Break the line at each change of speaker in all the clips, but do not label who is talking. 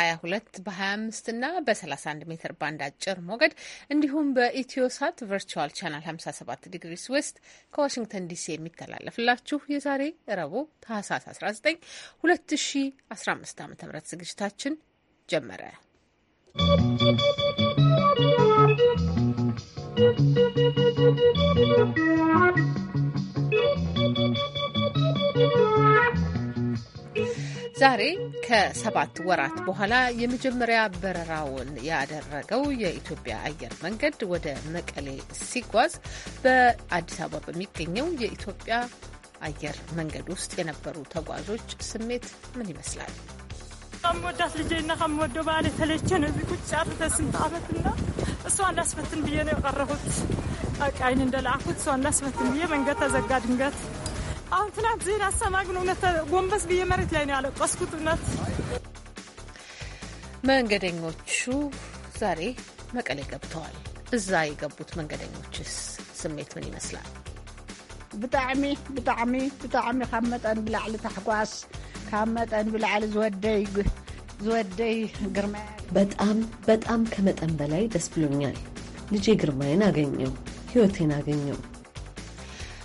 በ22 በ25 እና በ31 ሜትር ባንድ አጭር ሞገድ እንዲሁም በኢትዮሳት ቨርቹዋል ቻናል 57 ዲግሪ ስዌስት ከዋሽንግተን ዲሲ የሚተላለፍላችሁ የዛሬ ረቡዕ ታህሳስ 19 2015 ዓ ም ዝግጅታችን ጀመረ። ¶¶ ዛሬ ከሰባት ወራት በኋላ የመጀመሪያ በረራውን ያደረገው የኢትዮጵያ አየር መንገድ ወደ መቀሌ ሲጓዝ በአዲስ አበባ በሚገኘው የኢትዮጵያ አየር መንገድ ውስጥ የነበሩ ተጓዦች ስሜት ምን ይመስላል?
ከምወዳት ልጄና ከምወደው ባል የተለየን እዚህ ቁጭ አርተ ስንት ዓመትና እሷን ላስፈትን ብዬ ነው የቀረሁት። ቃይን እንደላኩት እሷን ላስፈትን ብዬ መንገድ ተዘጋ ድንገት አሁን ትናንት ዜና ሰማ፣ ግን እውነት ጎንበስ ብዬ መሬት ላይ ነው ያለቀስኩት። እውነት
መንገደኞቹ ዛሬ መቀሌ ገብተዋል። እዛ የገቡት መንገደኞችስ ስሜት ምን ይመስላል?
ብጣዕሚ ብጣዕሚ ብጣዕሚ ካብ መጠን ብላዕሊ ታሕጓስ ካብ መጠን ብላዕሊ ዝወደይ ዝወደይ ግርማ በጣም በጣም
ከመጠን በላይ ደስ ብሎኛል። ልጄ ግርማዬን አገኘው፣ ህይወቴን አገኘው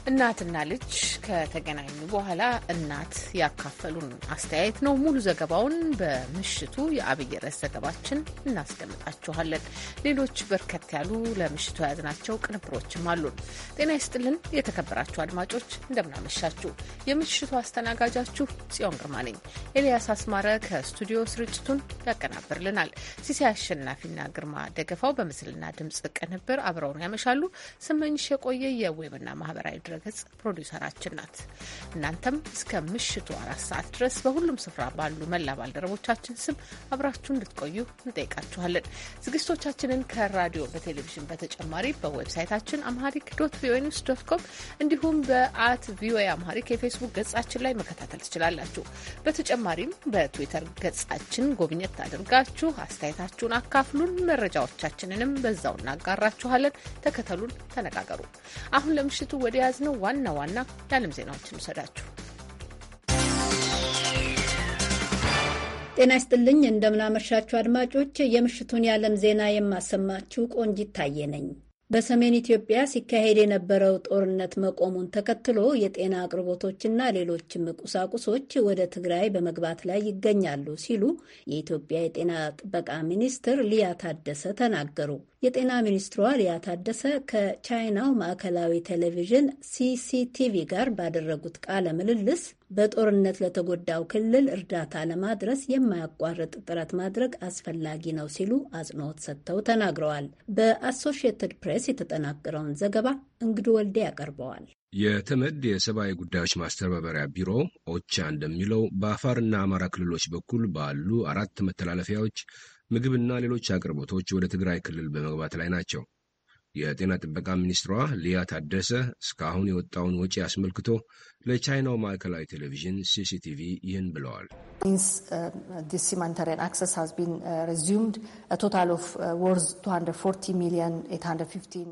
እናትና ልጅ ከተገናኙ በኋላ እናት ያካፈሉን አስተያየት ነው። ሙሉ ዘገባውን በምሽቱ የአብይ ርዕስ ዘገባችን እናስደምጣችኋለን። ሌሎች በርከት ያሉ ለምሽቱ የያዝናቸው ቅንብሮችም አሉን። ጤና ይስጥልን የተከበራችሁ አድማጮች፣ እንደምናመሻችሁ። የምሽቱ አስተናጋጃችሁ ጽዮን ግርማ ነኝ። ኤልያስ አስማረ ከስቱዲዮ ስርጭቱን ያቀናብርልናል። ሲሲ አሸናፊና ግርማ ደገፋው በምስልና ድምጽ ቅንብር አብረውን ያመሻሉ። ስመኝሽ የቆየ የዌብና ማህበራዊ ድረ ድረገጽ ፕሮዲውሰራችን ናት። እናንተም እስከ ምሽቱ አራት ሰዓት ድረስ በሁሉም ስፍራ ባሉ መላ ባልደረቦቻችን ስም አብራችሁ እንድትቆዩ እንጠይቃችኋለን። ዝግጅቶቻችንን ከራዲዮ በቴሌቪዥን በተጨማሪ በዌብሳይታችን አምሃሪክ ዶት ቪኦኤ ኒውስ ዶት ኮም እንዲሁም በአት ቪኦኤ አምሃሪክ የፌስቡክ ገጻችን ላይ መከታተል ትችላላችሁ። በተጨማሪም በትዊተር ገጻችን ጎብኘት አድርጋችሁ አስተያየታችሁን አካፍሉን፣ መረጃዎቻችንንም በዛው እናጋራችኋለን። ተከተሉን፣ ተነጋገሩ። አሁን ለምሽቱ ወደ ነው። ዋና ዋና የዓለም ዜናዎችን ውሰዳችሁ።
ጤና ይስጥልኝ፣ እንደምናመሻችሁ አድማጮች። የምሽቱን የዓለም ዜና የማሰማችሁ ቆንጂት ታየ ነኝ። በሰሜን ኢትዮጵያ ሲካሄድ የነበረው ጦርነት መቆሙን ተከትሎ የጤና አቅርቦቶችና ሌሎችም ቁሳቁሶች ወደ ትግራይ በመግባት ላይ ይገኛሉ ሲሉ የኢትዮጵያ የጤና ጥበቃ ሚኒስትር ሊያ ታደሰ ተናገሩ። የጤና ሚኒስትሯ ሊያ ታደሰ ከቻይናው ማዕከላዊ ቴሌቪዥን ሲሲቲቪ ጋር ባደረጉት ቃለ ምልልስ በጦርነት ለተጎዳው ክልል እርዳታ ለማድረስ የማያቋርጥ ጥረት ማድረግ አስፈላጊ ነው ሲሉ አጽንኦት ሰጥተው ተናግረዋል። በአሶሺየትድ ፕሬስ የተጠናቀረውን ዘገባ እንግዱ ወልዴ ያቀርበዋል።
የተመድ የሰብአዊ ጉዳዮች ማስተባበሪያ ቢሮ ኦቻ እንደሚለው በአፋርና አማራ ክልሎች በኩል ባሉ አራት መተላለፊያዎች ምግብና ሌሎች አቅርቦቶች ወደ ትግራይ ክልል በመግባት ላይ ናቸው። የጤና ጥበቃ ሚኒስትሯ ሊያ ታደሰ እስካሁን የወጣውን ወጪ አስመልክቶ ለቻይናው ማዕከላዊ ቴሌቪዥን ሲሲቲቪ ይህን ብለዋል።
um, uh, uh,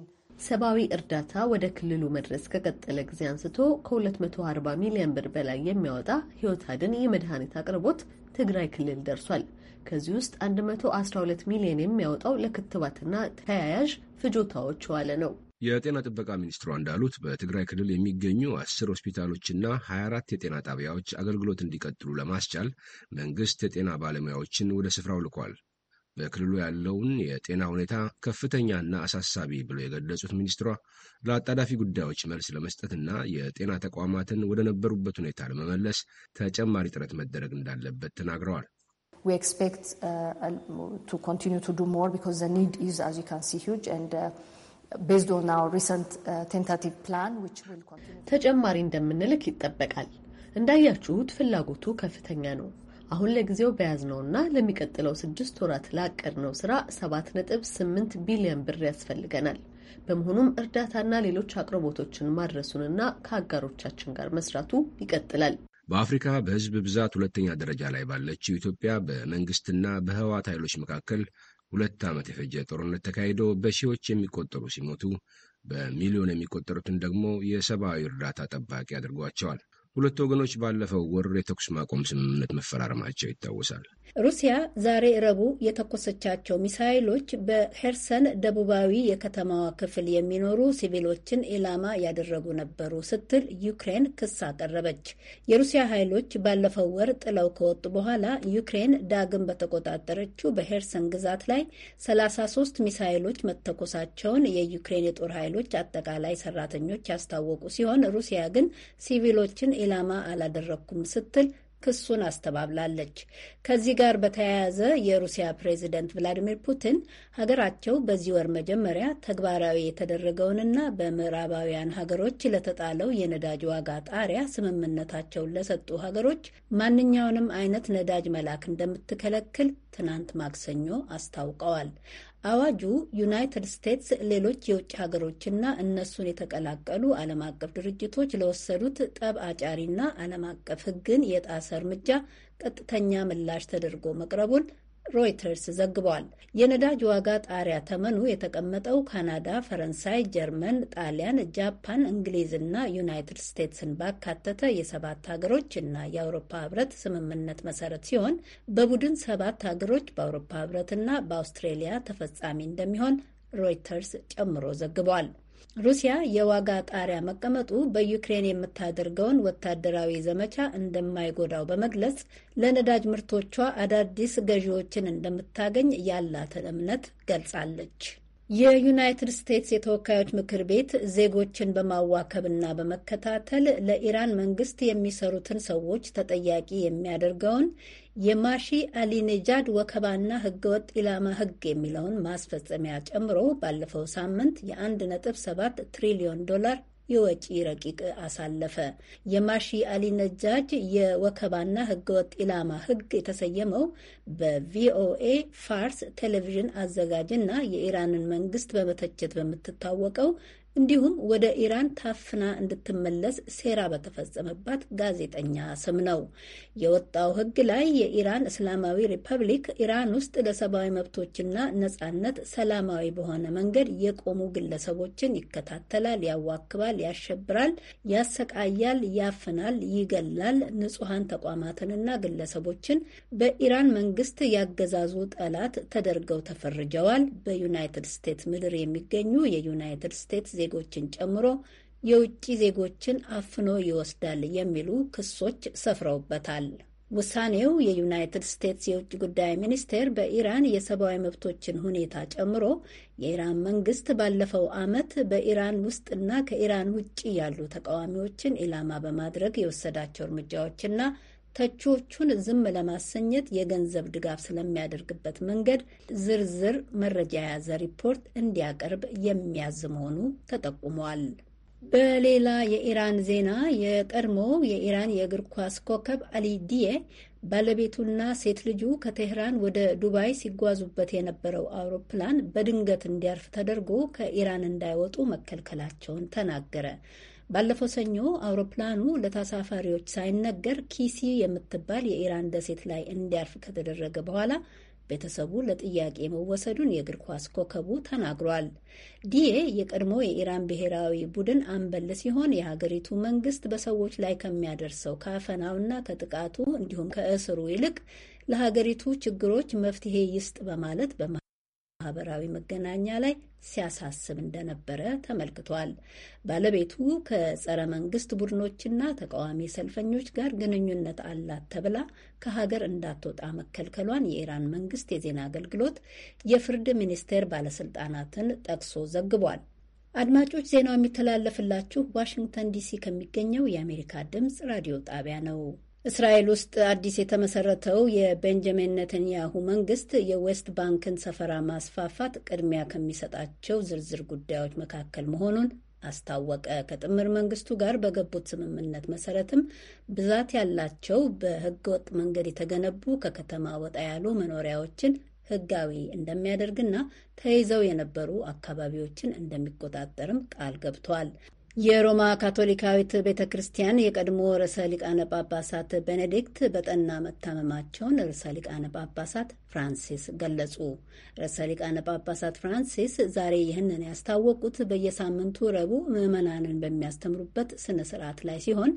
ሰብአዊ እርዳታ ወደ ክልሉ መድረስ ከቀጠለ ጊዜ አንስቶ ከ240 ሚሊዮን ብር በላይ የሚያወጣ ህይወት አድን የመድኃኒት አቅርቦት ትግራይ ክልል ደርሷል። ከዚህ ውስጥ 112 ሚሊዮን የሚያወጣው ለክትባትና ተያያዥ ፍጆታዎች ዋለ ነው።
የጤና ጥበቃ ሚኒስትሯ እንዳሉት በትግራይ ክልል የሚገኙ አስር ሆስፒታሎችና 24 የጤና ጣቢያዎች አገልግሎት እንዲቀጥሉ ለማስቻል መንግስት የጤና ባለሙያዎችን ወደ ስፍራው ልኳል። በክልሉ ያለውን የጤና ሁኔታ ከፍተኛና አሳሳቢ ብለው የገለጹት ሚኒስትሯ ለአጣዳፊ ጉዳዮች መልስ ለመስጠትና የጤና ተቋማትን ወደ ነበሩበት ሁኔታ ለመመለስ ተጨማሪ ጥረት መደረግ እንዳለበት ተናግረዋል።
We expect uh, uh, to continue to do more because the need is, as you can see, huge and uh, based on our recent uh, tentative
plan which will continue. ተጨማሪ እንደምንልክ ይጠበቃል። እንዳያችሁት ፍላጎቱ ከፍተኛ ነው። አሁን ለጊዜው በያዝነውና ለሚቀጥለው ስድስት ወራት ላቀድነው ስራ ሰባት ነጥብ ስምንት ቢሊዮን ብር ያስፈልገናል። በመሆኑም እርዳታና ሌሎች አቅርቦቶችን ማድረሱንና ከአጋሮቻችን ጋር መስራቱ ይቀጥላል።
በአፍሪካ በህዝብ ብዛት ሁለተኛ ደረጃ ላይ ባለችው ኢትዮጵያ በመንግስትና በህዋት ኃይሎች መካከል ሁለት ዓመት የፈጀ ጦርነት ተካሂዶ በሺዎች የሚቆጠሩ ሲሞቱ በሚሊዮን የሚቆጠሩትን ደግሞ የሰብአዊ እርዳታ ጠባቂ አድርጓቸዋል። ሁለት ወገኖች ባለፈው ወር የተኩስ ማቆም ስምምነት መፈራረማቸው ይታወሳል።
ሩሲያ ዛሬ ረቡ የተኮሰቻቸው ሚሳይሎች በሄርሰን ደቡባዊ የከተማዋ ክፍል የሚኖሩ ሲቪሎችን ኢላማ ያደረጉ ነበሩ ስትል ዩክሬን ክስ አቀረበች። የሩሲያ ኃይሎች ባለፈው ወር ጥለው ከወጡ በኋላ ዩክሬን ዳግም በተቆጣጠረችው በሄርሰን ግዛት ላይ 33 ሚሳይሎች መተኮሳቸውን የዩክሬን የጦር ኃይሎች አጠቃላይ ሰራተኞች ያስታወቁ ሲሆን ሩሲያ ግን ሲቪሎችን ኢላማ አላደረግኩም ስትል ክሱን አስተባብላለች። ከዚህ ጋር በተያያዘ የሩሲያ ፕሬዚደንት ቭላዲሚር ፑቲን ሀገራቸው በዚህ ወር መጀመሪያ ተግባራዊ የተደረገውንና በምዕራባውያን ሀገሮች ለተጣለው የነዳጅ ዋጋ ጣሪያ ስምምነታቸውን ለሰጡ ሀገሮች ማንኛውንም አይነት ነዳጅ መላክ እንደምትከለክል ትናንት ማክሰኞ አስታውቀዋል። አዋጁ ዩናይትድ ስቴትስ ሌሎች የውጭ ሀገሮችና እነሱን የተቀላቀሉ ዓለም አቀፍ ድርጅቶች ለወሰዱት ጠብ አጫሪና ዓለም አቀፍ ሕግን የጣሰ እርምጃ ቀጥተኛ ምላሽ ተደርጎ መቅረቡን ሮይተርስ ዘግቧል። የነዳጅ ዋጋ ጣሪያ ተመኑ የተቀመጠው ካናዳ፣ ፈረንሳይ፣ ጀርመን፣ ጣሊያን፣ ጃፓን፣ እንግሊዝና ዩናይትድ ስቴትስን ባካተተ የሰባት ሀገሮች እና የአውሮፓ ህብረት ስምምነት መሰረት ሲሆን በቡድን ሰባት ሀገሮች በአውሮፓ ህብረትና በአውስትሬሊያ ተፈጻሚ እንደሚሆን ሮይተርስ ጨምሮ ዘግቧል። ሩሲያ የዋጋ ጣሪያ መቀመጡ በዩክሬን የምታደርገውን ወታደራዊ ዘመቻ እንደማይጎዳው በመግለጽ ለነዳጅ ምርቶቿ አዳዲስ ገዢዎችን እንደምታገኝ ያላትን እምነት ገልጻለች። የዩናይትድ ስቴትስ የተወካዮች ምክር ቤት ዜጎችን በማዋከብና በመከታተል ለኢራን መንግስት የሚሰሩትን ሰዎች ተጠያቂ የሚያደርገውን የማሺ አሊኔጃድ ወከባና ህገወጥ ኢላማ ህግ የሚለውን ማስፈጸሚያ ጨምሮ ባለፈው ሳምንት የ1.7 ትሪሊዮን ዶላር የወጪ ረቂቅ አሳለፈ። የማሺ አሊ የወከባና ህገወጥ ኢላማ ህግ የተሰየመው በቪኦኤ ፋርስ ቴሌቪዥን አዘጋጅና የኢራንን መንግስት በመተቸት በምትታወቀው እንዲሁም ወደ ኢራን ታፍና እንድትመለስ ሴራ በተፈጸመባት ጋዜጠኛ ስም ነው። የወጣው ሕግ ላይ የኢራን እስላማዊ ሪፐብሊክ ኢራን ውስጥ ለሰብአዊ መብቶችና ነጻነት ሰላማዊ በሆነ መንገድ የቆሙ ግለሰቦችን ይከታተላል፣ ያዋክባል፣ ያሸብራል፣ ያሰቃያል፣ ያፍናል፣ ይገላል፣ ንጹሐን ተቋማትንና ግለሰቦችን በኢራን መንግስት ያገዛዙ ጠላት ተደርገው ተፈርጀዋል። በዩናይትድ ስቴትስ ምድር የሚገኙ የዩናይትድ ስቴትስ ዜጎችን ጨምሮ የውጭ ዜጎችን አፍኖ ይወስዳል የሚሉ ክሶች ሰፍረውበታል። ውሳኔው የዩናይትድ ስቴትስ የውጭ ጉዳይ ሚኒስቴር በኢራን የሰብአዊ መብቶችን ሁኔታ ጨምሮ የኢራን መንግስት ባለፈው ዓመት በኢራን ውስጥና ከኢራን ውጭ ያሉ ተቃዋሚዎችን ኢላማ በማድረግ የወሰዳቸው እርምጃዎችና ተቺዎቹን ዝም ለማሰኘት የገንዘብ ድጋፍ ስለሚያደርግበት መንገድ ዝርዝር መረጃ የያዘ ሪፖርት እንዲያቀርብ የሚያዝ መሆኑ ተጠቁሟል። በሌላ የኢራን ዜና የቀድሞው የኢራን የእግር ኳስ ኮከብ አሊ ዲዬ ባለቤቱና ሴት ልጁ ከቴህራን ወደ ዱባይ ሲጓዙበት የነበረው አውሮፕላን በድንገት እንዲያርፍ ተደርጎ ከኢራን እንዳይወጡ መከልከላቸውን ተናገረ። ባለፈው ሰኞ አውሮፕላኑ ለተሳፋሪዎች ሳይነገር ኪሲ የምትባል የኢራን ደሴት ላይ እንዲያርፍ ከተደረገ በኋላ ቤተሰቡ ለጥያቄ መወሰዱን የእግር ኳስ ኮከቡ ተናግሯል። ዲዬ የቀድሞ የኢራን ብሔራዊ ቡድን አምበል ሲሆን የሀገሪቱ መንግስት በሰዎች ላይ ከሚያደርሰው ከአፈናውና ከጥቃቱ እንዲሁም ከእስሩ ይልቅ ለሀገሪቱ ችግሮች መፍትሄ ይስጥ በማለት በማ ማህበራዊ መገናኛ ላይ ሲያሳስብ እንደነበረ ተመልክቷል። ባለቤቱ ከጸረ መንግስት ቡድኖችና ተቃዋሚ ሰልፈኞች ጋር ግንኙነት አላት ተብላ ከሀገር እንዳትወጣ መከልከሏን የኢራን መንግስት የዜና አገልግሎት የፍርድ ሚኒስቴር ባለስልጣናትን ጠቅሶ ዘግቧል። አድማጮች፣ ዜናው የሚተላለፍላችሁ ዋሽንግተን ዲሲ ከሚገኘው የአሜሪካ ድምፅ ራዲዮ ጣቢያ ነው። እስራኤል ውስጥ አዲስ የተመሰረተው የቤንጃሚን ነተንያሁ መንግስት የዌስት ባንክን ሰፈራ ማስፋፋት ቅድሚያ ከሚሰጣቸው ዝርዝር ጉዳዮች መካከል መሆኑን አስታወቀ። ከጥምር መንግስቱ ጋር በገቡት ስምምነት መሰረትም ብዛት ያላቸው በህገወጥ መንገድ የተገነቡ ከከተማ ወጣ ያሉ መኖሪያዎችን ህጋዊ እንደሚያደርግና ተይዘው የነበሩ አካባቢዎችን እንደሚቆጣጠርም ቃል ገብቷል። የሮማ ካቶሊካዊት ቤተ ክርስቲያን የቀድሞ ርዕሰ ሊቃነ ጳጳሳት ቤኔዲክት በጠና መታመማቸውን ርዕሰ ሊቃነ ጳጳሳት ፍራንሲስ ገለጹ። ርዕሰ ሊቃነ ጳጳሳት ፍራንሲስ ዛሬ ይህንን ያስታወቁት በየሳምንቱ ረቡዕ ምዕመናንን በሚያስተምሩበት ስነ ስርዓት ላይ ሲሆን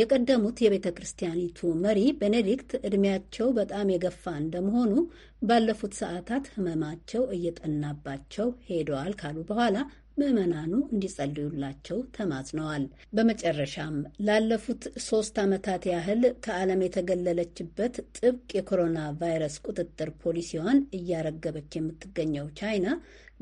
የቀደሙት የቤተ ክርስቲያኒቱ መሪ ቤኔዲክት እድሜያቸው በጣም የገፋ እንደመሆኑ ባለፉት ሰዓታት ሕመማቸው እየጠናባቸው ሄደዋል ካሉ በኋላ ምዕመናኑ እንዲጸልዩላቸው ተማጽነዋል። በመጨረሻም ላለፉት ሶስት ዓመታት ያህል ከዓለም የተገለለችበት ጥብቅ የኮሮና ቫይረስ ቁጥጥር ፖሊሲዋን እያረገበች የምትገኘው ቻይና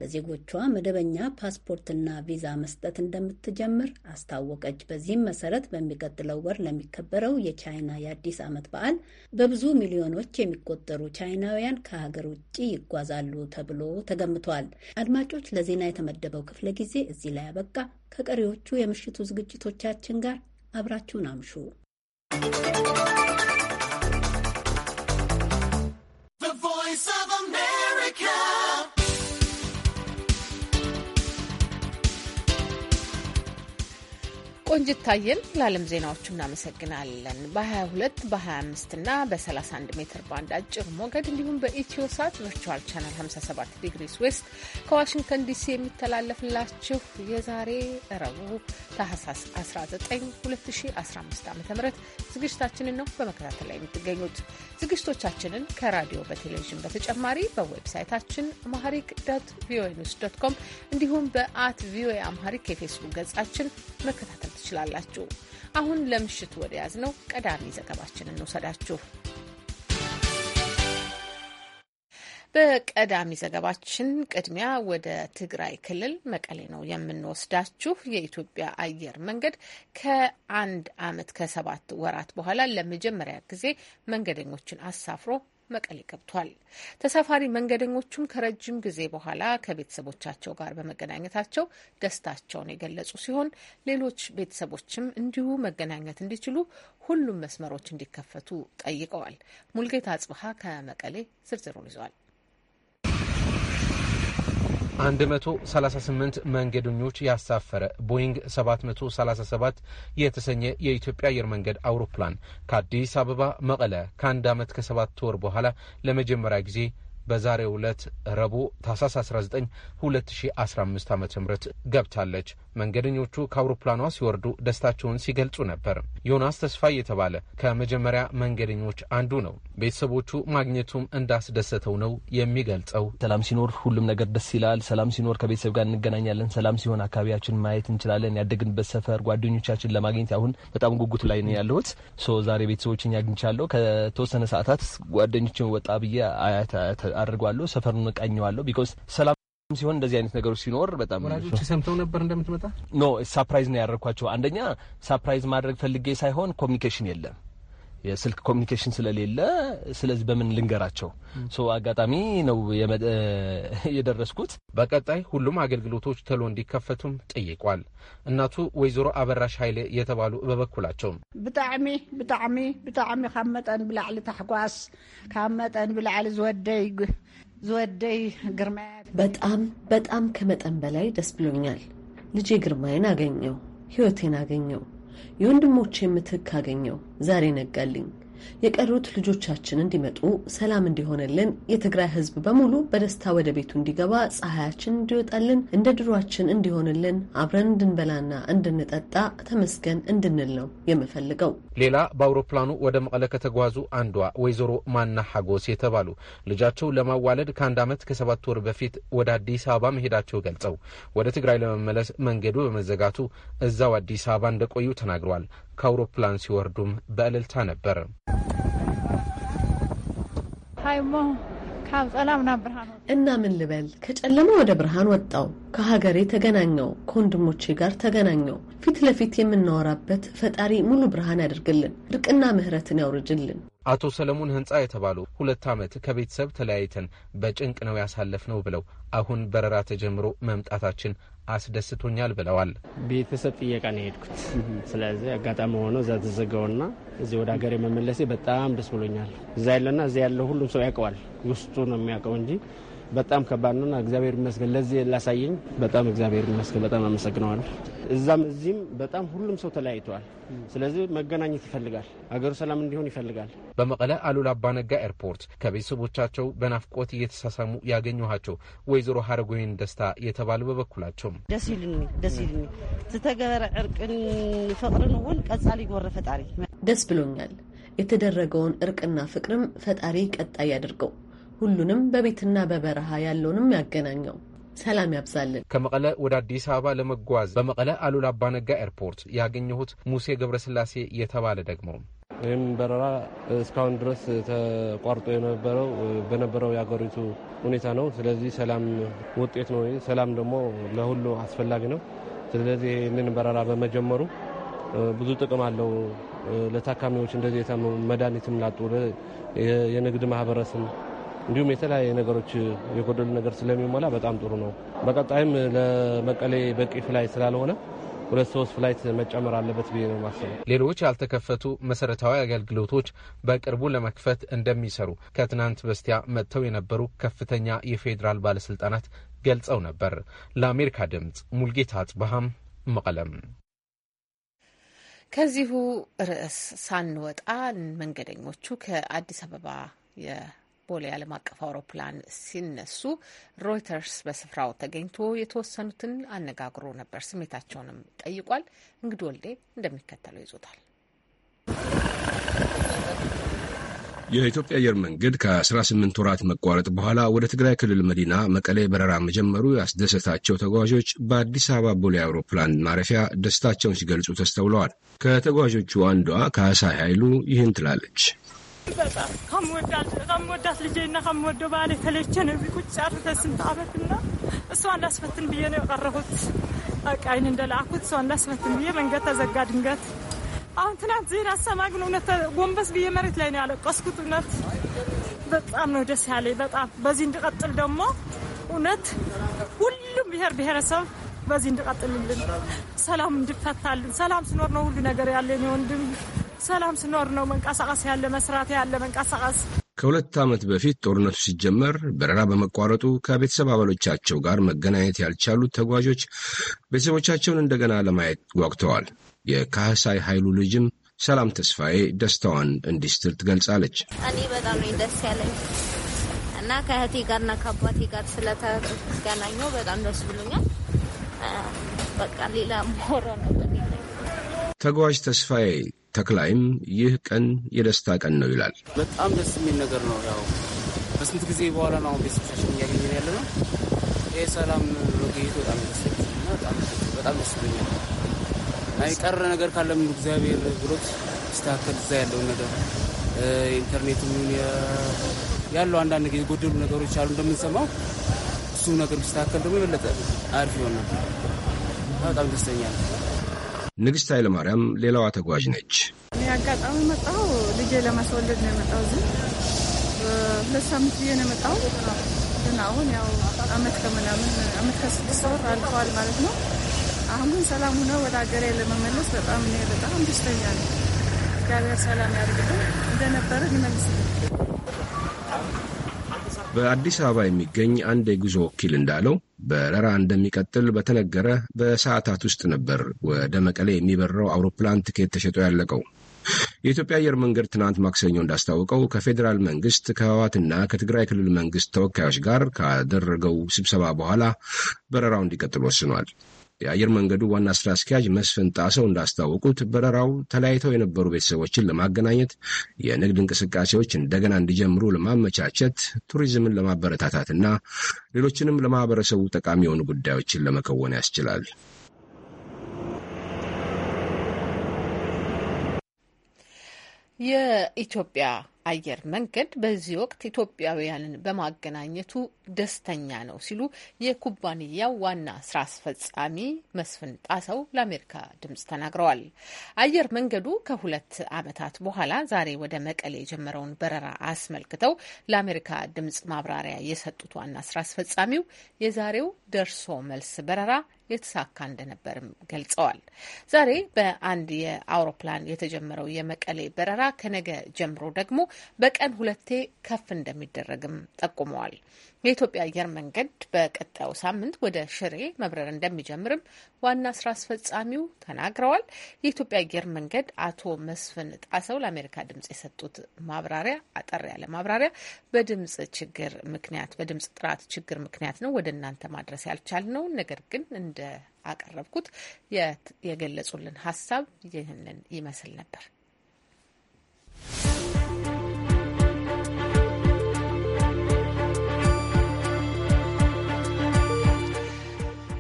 ለዜጎቿ መደበኛ ፓስፖርትና ቪዛ መስጠት እንደምትጀምር አስታወቀች። በዚህም መሰረት በሚቀጥለው ወር ለሚከበረው የቻይና የአዲስ ዓመት በዓል በብዙ ሚሊዮኖች የሚቆጠሩ ቻይናውያን ከሀገር ውጭ ይጓዛሉ ተብሎ ተገምቷል። አድማጮች፣ ለዜና የተመደበው ክፍለ ጊዜ እዚህ ላይ አበቃ። ከቀሪዎቹ የምሽቱ ዝግጅቶቻችን ጋር አብራችሁን አምሹ።
ቆንጅት ታየን ለዓለም ዜናዎቹ እናመሰግናለን። በ22 በ25 እና በ31 ሜትር ባንድ አጭር ሞገድ እንዲሁም በኢትዮ ሳት ቨርቹዋል ቻናል 57 ዲግሪስ ዌስት ከዋሽንግተን ዲሲ የሚተላለፍላችሁ የዛሬ ረቡዕ ታህሳስ 19 2015 ዓ ም ዝግጅታችንን ነው በመከታተል ላይ የምትገኙት። ዝግጅቶቻችንን ከራዲዮ በቴሌቪዥን በተጨማሪ በዌብሳይታችን አማሪክ ዶት ቪኦኤ ኒውስ ዶት ኮም እንዲሁም በአት ቪኦኤ አማሪክ የፌስቡክ ገጻችን መከታተል ትችላላችሁ። አሁን ለምሽቱ ወደ ያዝ ነው ቀዳሚ ዘገባችንን እንውሰዳችሁ። በቀዳሚ ዘገባችን ቅድሚያ ወደ ትግራይ ክልል መቀሌ ነው የምንወስዳችሁ። የኢትዮጵያ አየር መንገድ ከአንድ ዓመት ከሰባት ወራት በኋላ ለመጀመሪያ ጊዜ መንገደኞችን አሳፍሮ መቀሌ ገብቷል። ተሳፋሪ መንገደኞቹም ከረጅም ጊዜ በኋላ ከቤተሰቦቻቸው ጋር በመገናኘታቸው ደስታቸውን የገለጹ ሲሆን ሌሎች ቤተሰቦችም እንዲሁ መገናኘት እንዲችሉ ሁሉም መስመሮች እንዲከፈቱ ጠይቀዋል። ሙልጌታ አጽብሃ ከመቀሌ ዝርዝሩን ይዟል።
138 መንገደኞች ያሳፈረ ቦይንግ 737 የተሰኘ የኢትዮጵያ አየር መንገድ አውሮፕላን ከአዲስ አበባ መቀለ ከአንድ ዓመት ከሰባት ወር በኋላ ለመጀመሪያ ጊዜ በዛሬው ዕለት ረቡዕ ታህሳስ 19 2015 ዓ ም ገብታለች። መንገደኞቹ ከአውሮፕላኗ ሲወርዱ ደስታቸውን ሲገልጹ ነበር። ዮናስ ተስፋ የተባለ ከመጀመሪያ መንገደኞች አንዱ ነው። ቤተሰቦቹ ማግኘቱም እንዳስደሰተው ነው የሚገልጸው። ሰላም ሲኖር ሁሉም ነገር ደስ ይላል። ሰላም ሲኖር ከቤተሰብ ጋር እንገናኛለን። ሰላም ሲሆን አካባቢያችን ማየት እንችላለን። ያደግንበት ሰፈር ጓደኞቻችን ለማግኘት አሁን በጣም ጉጉት ላይ ነው ያለሁት። ሶ ዛሬ ቤተሰቦችን ያግኝቻለሁ። ከተወሰነ ሰዓታት ጓደኞችን ወጣ ብዬ አያት አድርጓለሁ። ሰፈሩን እቃኘዋለሁ ቢኮዝ ሰላም ሲሆን እንደዚህ አይነት ነገሮች ሲኖር በጣም ወላጆች ሰምተው ነበር እንደምትመጣ። ኖ ሳፕራይዝ ነው ያደረግኳቸው። አንደኛ ሳፕራይዝ ማድረግ ፈልጌ ሳይሆን ኮሚኒኬሽን የለም የስልክ ኮሚኒኬሽን ስለሌለ፣ ስለዚህ በምን ልንገራቸው? ሶ አጋጣሚ ነው የደረስኩት። በቀጣይ ሁሉም አገልግሎቶች ተሎ እንዲከፈቱም ጠይቋል። እናቱ ወይዘሮ አበራሽ ኃይሌ የተባሉ በበኩላቸው
ብጣዕሚ ብጣዕሚ ብጣዕሚ ካብ መጠን ብላዕሊ ታሕጓስ ካብ መጠን ብላዕሊ ዝወደይ
በጣም በጣም ከመጠን በላይ ደስ ብሎኛል። ልጄ ግርማዬን አገኘው፣ ህይወቴን አገኘው፣ የወንድሞቼ ምትክ አገኘው። ዛሬ ነጋልኝ። የቀሩት ልጆቻችን እንዲመጡ፣ ሰላም እንዲሆንልን፣ የትግራይ ህዝብ በሙሉ በደስታ ወደ ቤቱ እንዲገባ፣ ፀሐያችን እንዲወጣልን፣ እንደ ድሯችን እንዲሆንልን፣ አብረን እንድንበላና እንድንጠጣ ተመስገን እንድንል ነው የምፈልገው።
ሌላ በአውሮፕላኑ ወደ መቀለ ከተጓዙ አንዷ ወይዘሮ ማና ሀጎስ የተባሉ ልጃቸው ለማዋለድ ከአንድ ዓመት ከሰባት ወር በፊት ወደ አዲስ አበባ መሄዳቸው ገልጸው ወደ ትግራይ ለመመለስ መንገዱ በመዘጋቱ እዛው አዲስ አበባ እንደቆዩ ተናግረዋል። ከአውሮፕላን ሲወርዱም በእልልታ ነበር።
እና ምን ልበል ከጨለማ ወደ ብርሃን ወጣው፣ ከሀገሬ ተገናኘው፣ ከወንድሞቼ ጋር ተገናኘው። ፊት ለፊት የምናወራበት ፈጣሪ ሙሉ ብርሃን ያደርግልን፣ እርቅና ምሕረትን ያውርድልን።
አቶ ሰለሞን ህንጻ የተባሉ ሁለት ዓመት ከቤተሰብ ተለያይተን በጭንቅ ነው ያሳለፍነው ብለው አሁን በረራ ተጀምሮ መምጣታችን አስደስቶኛል ብለዋል። ቤተሰብ ጥየቃ ነው
የሄድኩት። ስለዚህ አጋጣሚ ሆኖ እዛ ተዘጋውና እዚህ ወደ ሀገር የመመለሴ በጣም ደስ ብሎኛል። እዛ ያለና እዚያ ያለው ሁሉም ሰው ያውቀዋል። ውስጡ ነው የሚያውቀው እንጂ በጣም ከባድ ነውና እግዚአብሔር ይመስገን ለዚህ ላሳየኝ በጣም እግዚአብሔር ይመስገን በጣም አመሰግነዋለሁ። እዛም እዚህም በጣም ሁሉም ሰው ተለያይተዋል። ስለዚህ መገናኘት ይፈልጋል። አገሩ ሰላም እንዲሆን ይፈልጋል።
በመቀለ አሉላ አባነጋ ኤርፖርት ከቤተሰቦቻቸው በናፍቆት እየተሳሳሙ ያገኘኋቸው ወይዘሮ ሀረጎይን ደስታ የተባሉ በበኩላቸው
ደስ ይልኒ ደስ ይልኒ ዝተገበረ ዕርቅን ፍቅርን እውን ቀጻሊ ይጎረ ፈጣሪ ደስ ብሎኛል። የተደረገውን እርቅና ፍቅርም ፈጣሪ ቀጣይ ያድርገው። ሁሉንም በቤትና በበረሃ ያለውንም ያገናኘው ሰላም ያብዛልን።
ከመቀለ ወደ አዲስ አበባ ለመጓዝ በመቀለ አሉላ አባነጋ ኤርፖርት ያገኘሁት ሙሴ ገብረስላሴ የተባለ ደግሞ ይህም በረራ እስካሁን ድረስ ተቋርጦ የነበረው በነበረው የአገሪቱ ሁኔታ ነው። ስለዚህ ሰላም ውጤት ነው። ሰላም ደግሞ ለሁሉ አስፈላጊ ነው። ስለዚህ ይህንን በረራ በመጀመሩ ብዙ ጥቅም አለው ለታካሚዎች እንደዚህ የታመሙ መድኃኒትም ላጡ የንግድ ማህበረሰብ እንዲሁም የተለያየ ነገሮች የጎደሉ ነገር ስለሚሞላ በጣም ጥሩ ነው። በቀጣይም ለመቀሌ በቂ ፍላይት ስላልሆነ ሁለት ሶስት ፍላይት መጨመር አለበት ብዬ ነው ማስበው። ሌሎች ያልተከፈቱ መሰረታዊ አገልግሎቶች በቅርቡ ለመክፈት እንደሚሰሩ ከትናንት በስቲያ መጥተው የነበሩ ከፍተኛ የፌዴራል ባለስልጣናት ገልጸው ነበር። ለአሜሪካ ድምጽ ሙልጌታ አጽበሃም መቀለም።
ከዚሁ ርዕስ ሳንወጣ መንገደኞቹ ከአዲስ አበባ ቦሌ ዓለም አቀፍ አውሮፕላን ሲነሱ ሮይተርስ በስፍራው ተገኝቶ የተወሰኑትን አነጋግሮ ነበር። ስሜታቸውንም ጠይቋል። እንግዲህ ወልዴ እንደሚከተለው ይዞታል።
የኢትዮጵያ አየር መንገድ ከ18 ወራት መቋረጥ በኋላ ወደ ትግራይ ክልል መዲና መቀሌ በረራ መጀመሩ ያስደሰታቸው ተጓዦች በአዲስ አበባ ቦሌ አውሮፕላን ማረፊያ ደስታቸውን ሲገልጹ ተስተውለዋል። ከተጓዦቹ አንዷ ካሳይ ኃይሉ ይህን ትላለች።
በጣም
ከምወዳት ልጄና ከምወደው ባል የተለቸ ነው። ቁጭ አድርገ ስንት አመት እና እሷን ላስፈትን ብዬ ነው የቀረሁት። እቃይን እንደላኩት እሷን ላስፈትን ብዬ መንገድ ተዘጋ ድንገት። አሁን ትናንት ዜና አሰማግ ነው እውነት ጎንበስ ብዬ መሬት ላይ ነው ያለቀስኩት። እውነት በጣም ነው ደስ ያለኝ። በጣም በዚህ እንድቀጥል ደግሞ እውነት ሁሉም ብሔር ብሔረሰብ በዚህ እንድቀጥልልን፣ ሰላም እንድፈታልን። ሰላም ስኖር ነው ሁሉ ነገር ያለን ወንድም። ሰላም ስኖር ነው መንቀሳቀስ ያለ መስራት ያለ መንቀሳቀስ።
ከሁለት ዓመት በፊት ጦርነቱ ሲጀመር በረራ በመቋረጡ ከቤተሰብ አባሎቻቸው ጋር መገናኘት ያልቻሉት ተጓዦች ቤተሰቦቻቸውን እንደገና ለማየት ጓጉተዋል። የካህሳይ ኃይሉ ልጅም ሰላም ተስፋዬ ደስታዋን እንዲህ ስትል ትገልጻለች።
እኔ በጣም ነው ደስ ያለኝ እና ከእህቴ ጋርና ከአባቴ ጋር ስለተገናኘው በጣም ደስ ብሎኛል። በቃ ሌላ ሞረ ነበር
ተጓዥ ተስፋዬ ተክላይም ይህ ቀን የደስታ ቀን ነው ይላል። በጣም
ደስ የሚል ነገር ነው። ያው በስንት ጊዜ በኋላ ነው አሁን ቤተሰቦቻችን እያገኘን ያለ ነው። ይህ ሰላም መገኘቱ በጣም ደስ በጣም ደስ ይለኛል። የቀረ ነገር ካለም እግዚአብሔር ብሎት ይስተካከል። እዛ ያለውን ነገር ኢንተርኔትም ያለው አንዳንድ ጊዜ የጎደሉ ነገሮች አሉ እንደምንሰማው እሱ ነገር ቢስተካከል ደግሞ የበለጠ አሪፍ ይሆናል። በጣም ደስተኛ ነው።
ንግሥት ኃይለማርያም ሌላዋ ተጓዥ ነች።
እኔ አጋጣሚ መጣው ልጄ ለማስወለድ ነው የመጣው እዚህ ሁለት ሳምንት ብዬ ነው የመጣው። ግን አሁን ያው አመት ከምናምን አመት ከስድስት ወር አልፈዋል ማለት ነው። አሁን ሰላም ሆነ ወደ ሀገሬ ለመመለስ
በጣም እኔ በጣም ደስተኛ ነው። እግዚአብሔር ሰላም ያድርግልን እንደነበረ ይመልስልን።
በአዲስ አበባ የሚገኝ አንድ የጉዞ ወኪል እንዳለው በረራ እንደሚቀጥል በተነገረ በሰዓታት ውስጥ ነበር ወደ መቀሌ የሚበረው አውሮፕላን ትኬት ተሸጦ ያለቀው። የኢትዮጵያ አየር መንገድ ትናንት ማክሰኞ እንዳስታወቀው ከፌዴራል መንግስት ከህወሓትና ከትግራይ ክልል መንግስት ተወካዮች ጋር ካደረገው ስብሰባ በኋላ በረራው እንዲቀጥል ወስኗል። የአየር መንገዱ ዋና ስራ አስኪያጅ መስፍን ጣሰው እንዳስታወቁት በረራው ተለያይተው የነበሩ ቤተሰቦችን ለማገናኘት፣ የንግድ እንቅስቃሴዎች እንደገና እንዲጀምሩ ለማመቻቸት፣ ቱሪዝምን ለማበረታታት እና ሌሎችንም ለማህበረሰቡ ጠቃሚ የሆኑ ጉዳዮችን ለመከወን ያስችላል።
የኢትዮጵያ አየር መንገድ በዚህ ወቅት ኢትዮጵያውያንን በማገናኘቱ ደስተኛ ነው ሲሉ የኩባንያው ዋና ስራ አስፈጻሚ መስፍን ጣሰው ለአሜሪካ ድምጽ ተናግረዋል። አየር መንገዱ ከሁለት ዓመታት በኋላ ዛሬ ወደ መቀሌ የጀመረውን በረራ አስመልክተው ለአሜሪካ ድምጽ ማብራሪያ የሰጡት ዋና ስራ አስፈጻሚው የዛሬው ደርሶ መልስ በረራ የተሳካ እንደነበርም ገልጸዋል። ዛሬ በአንድ የአውሮፕላን የተጀመረው የመቀሌ በረራ ከነገ ጀምሮ ደግሞ በቀን ሁለቴ ከፍ እንደሚደረግም ጠቁመዋል። የኢትዮጵያ አየር መንገድ በቀጣዩ ሳምንት ወደ ሽሬ መብረር እንደሚጀምርም ዋና ስራ አስፈጻሚው ተናግረዋል። የኢትዮጵያ አየር መንገድ አቶ መስፍን ጣሰው ለአሜሪካ ድምጽ የሰጡት ማብራሪያ አጠር ያለ ማብራሪያ በድምጽ ችግር ምክንያት በድምጽ ጥራት ችግር ምክንያት ነው ወደ እናንተ ማድረስ ያልቻል ነው። ነገር ግን እንደ አቀረብኩት የገለጹልን ሀሳብ ይህንን ይመስል ነበር።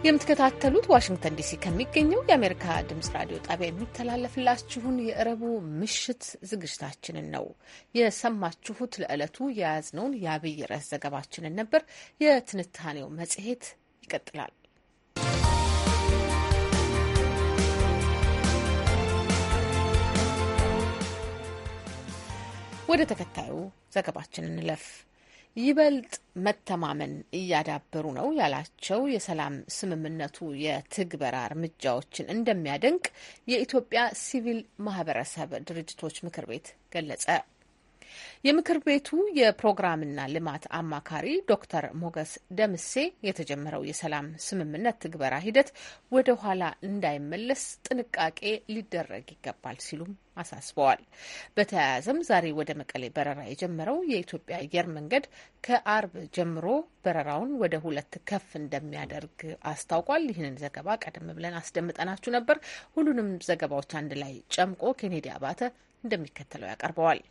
የምትከታተሉት ዋሽንግተን ዲሲ ከሚገኘው የአሜሪካ ድምጽ ራዲዮ ጣቢያ የሚተላለፍላችሁን የእረቡ ምሽት ዝግጅታችንን ነው የሰማችሁት። ለዕለቱ የያዝነውን የአብይ ርዕስ ዘገባችንን ነበር። የትንታኔው መጽሔት ይቀጥላል። ወደ ተከታዩ ዘገባችን እንለፍ። ይበልጥ መተማመን እያዳበሩ ነው ያላቸው የሰላም ስምምነቱ የትግበራ እርምጃዎችን እንደሚያደንቅ የኢትዮጵያ ሲቪል ማህበረሰብ ድርጅቶች ምክር ቤት ገለጸ። የምክር ቤቱ የፕሮግራምና ልማት አማካሪ ዶክተር ሞገስ ደምሴ የተጀመረው የሰላም ስምምነት ትግበራ ሂደት ወደ ኋላ እንዳይመለስ ጥንቃቄ ሊደረግ ይገባል ሲሉም አሳስበዋል። በተያያዘም ዛሬ ወደ መቀሌ በረራ የጀመረው የኢትዮጵያ አየር መንገድ ከአርብ ጀምሮ በረራውን ወደ ሁለት ከፍ እንደሚያደርግ አስታውቋል። ይህንን ዘገባ ቀደም ብለን አስደምጠናችሁ ነበር። ሁሉንም ዘገባዎች አንድ ላይ ጨምቆ ኬኔዲ አባተ እንደሚከተለው ያቀርበዋል።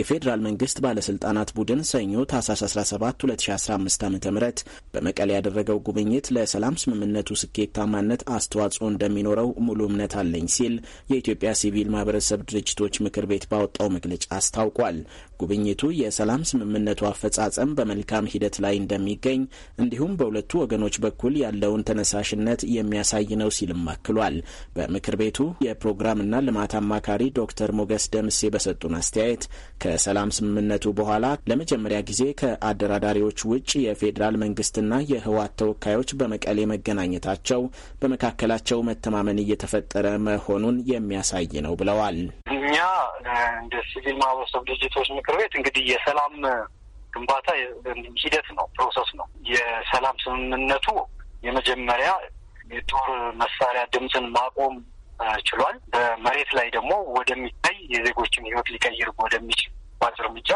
የፌዴራል መንግስት ባለስልጣናት ቡድን ሰኞ ታህሳስ 17 2015 ዓ ም በመቀሌ ያደረገው ጉብኝት ለሰላም ስምምነቱ ስኬታማነት አስተዋጽኦ እንደሚኖረው ሙሉ እምነት አለኝ ሲል የኢትዮጵያ ሲቪል ማህበረሰብ ድርጅቶች ምክር ቤት ባወጣው መግለጫ አስታውቋል። ጉብኝቱ የሰላም ስምምነቱ አፈጻጸም በመልካም ሂደት ላይ እንደሚገኝ እንዲሁም በሁለቱ ወገኖች በኩል ያለውን ተነሳሽነት የሚያሳይ ነው ሲልም አክሏል። በምክር ቤቱ የፕሮግራምና ልማት አማካሪ ዶክተር ሞገስ ደምሴ በሰጡን አስተያየት ከሰላም ስምምነቱ በኋላ ለመጀመሪያ ጊዜ ከአደራዳሪዎች ውጭ የፌዴራል መንግስትና የህወሓት ተወካዮች በመቀሌ መገናኘታቸው በመካከላቸው መተማመን እየተፈጠረ መሆኑን የሚያሳይ ነው ብለዋል።
እኛ እንደ ሲቪል ማህበረሰብ ድርጅቶች ምክር ቤት እንግዲህ የሰላም ግንባታ ሂደት ነው፣ ፕሮሰስ ነው። የሰላም ስምምነቱ የመጀመሪያ የጦር መሳሪያ ድምፅን ማቆም ችሏል። በመሬት ላይ ደግሞ ወደሚታይ የዜጎችን ህይወት ሊቀይር ወደሚችል ባዝ እርምጃ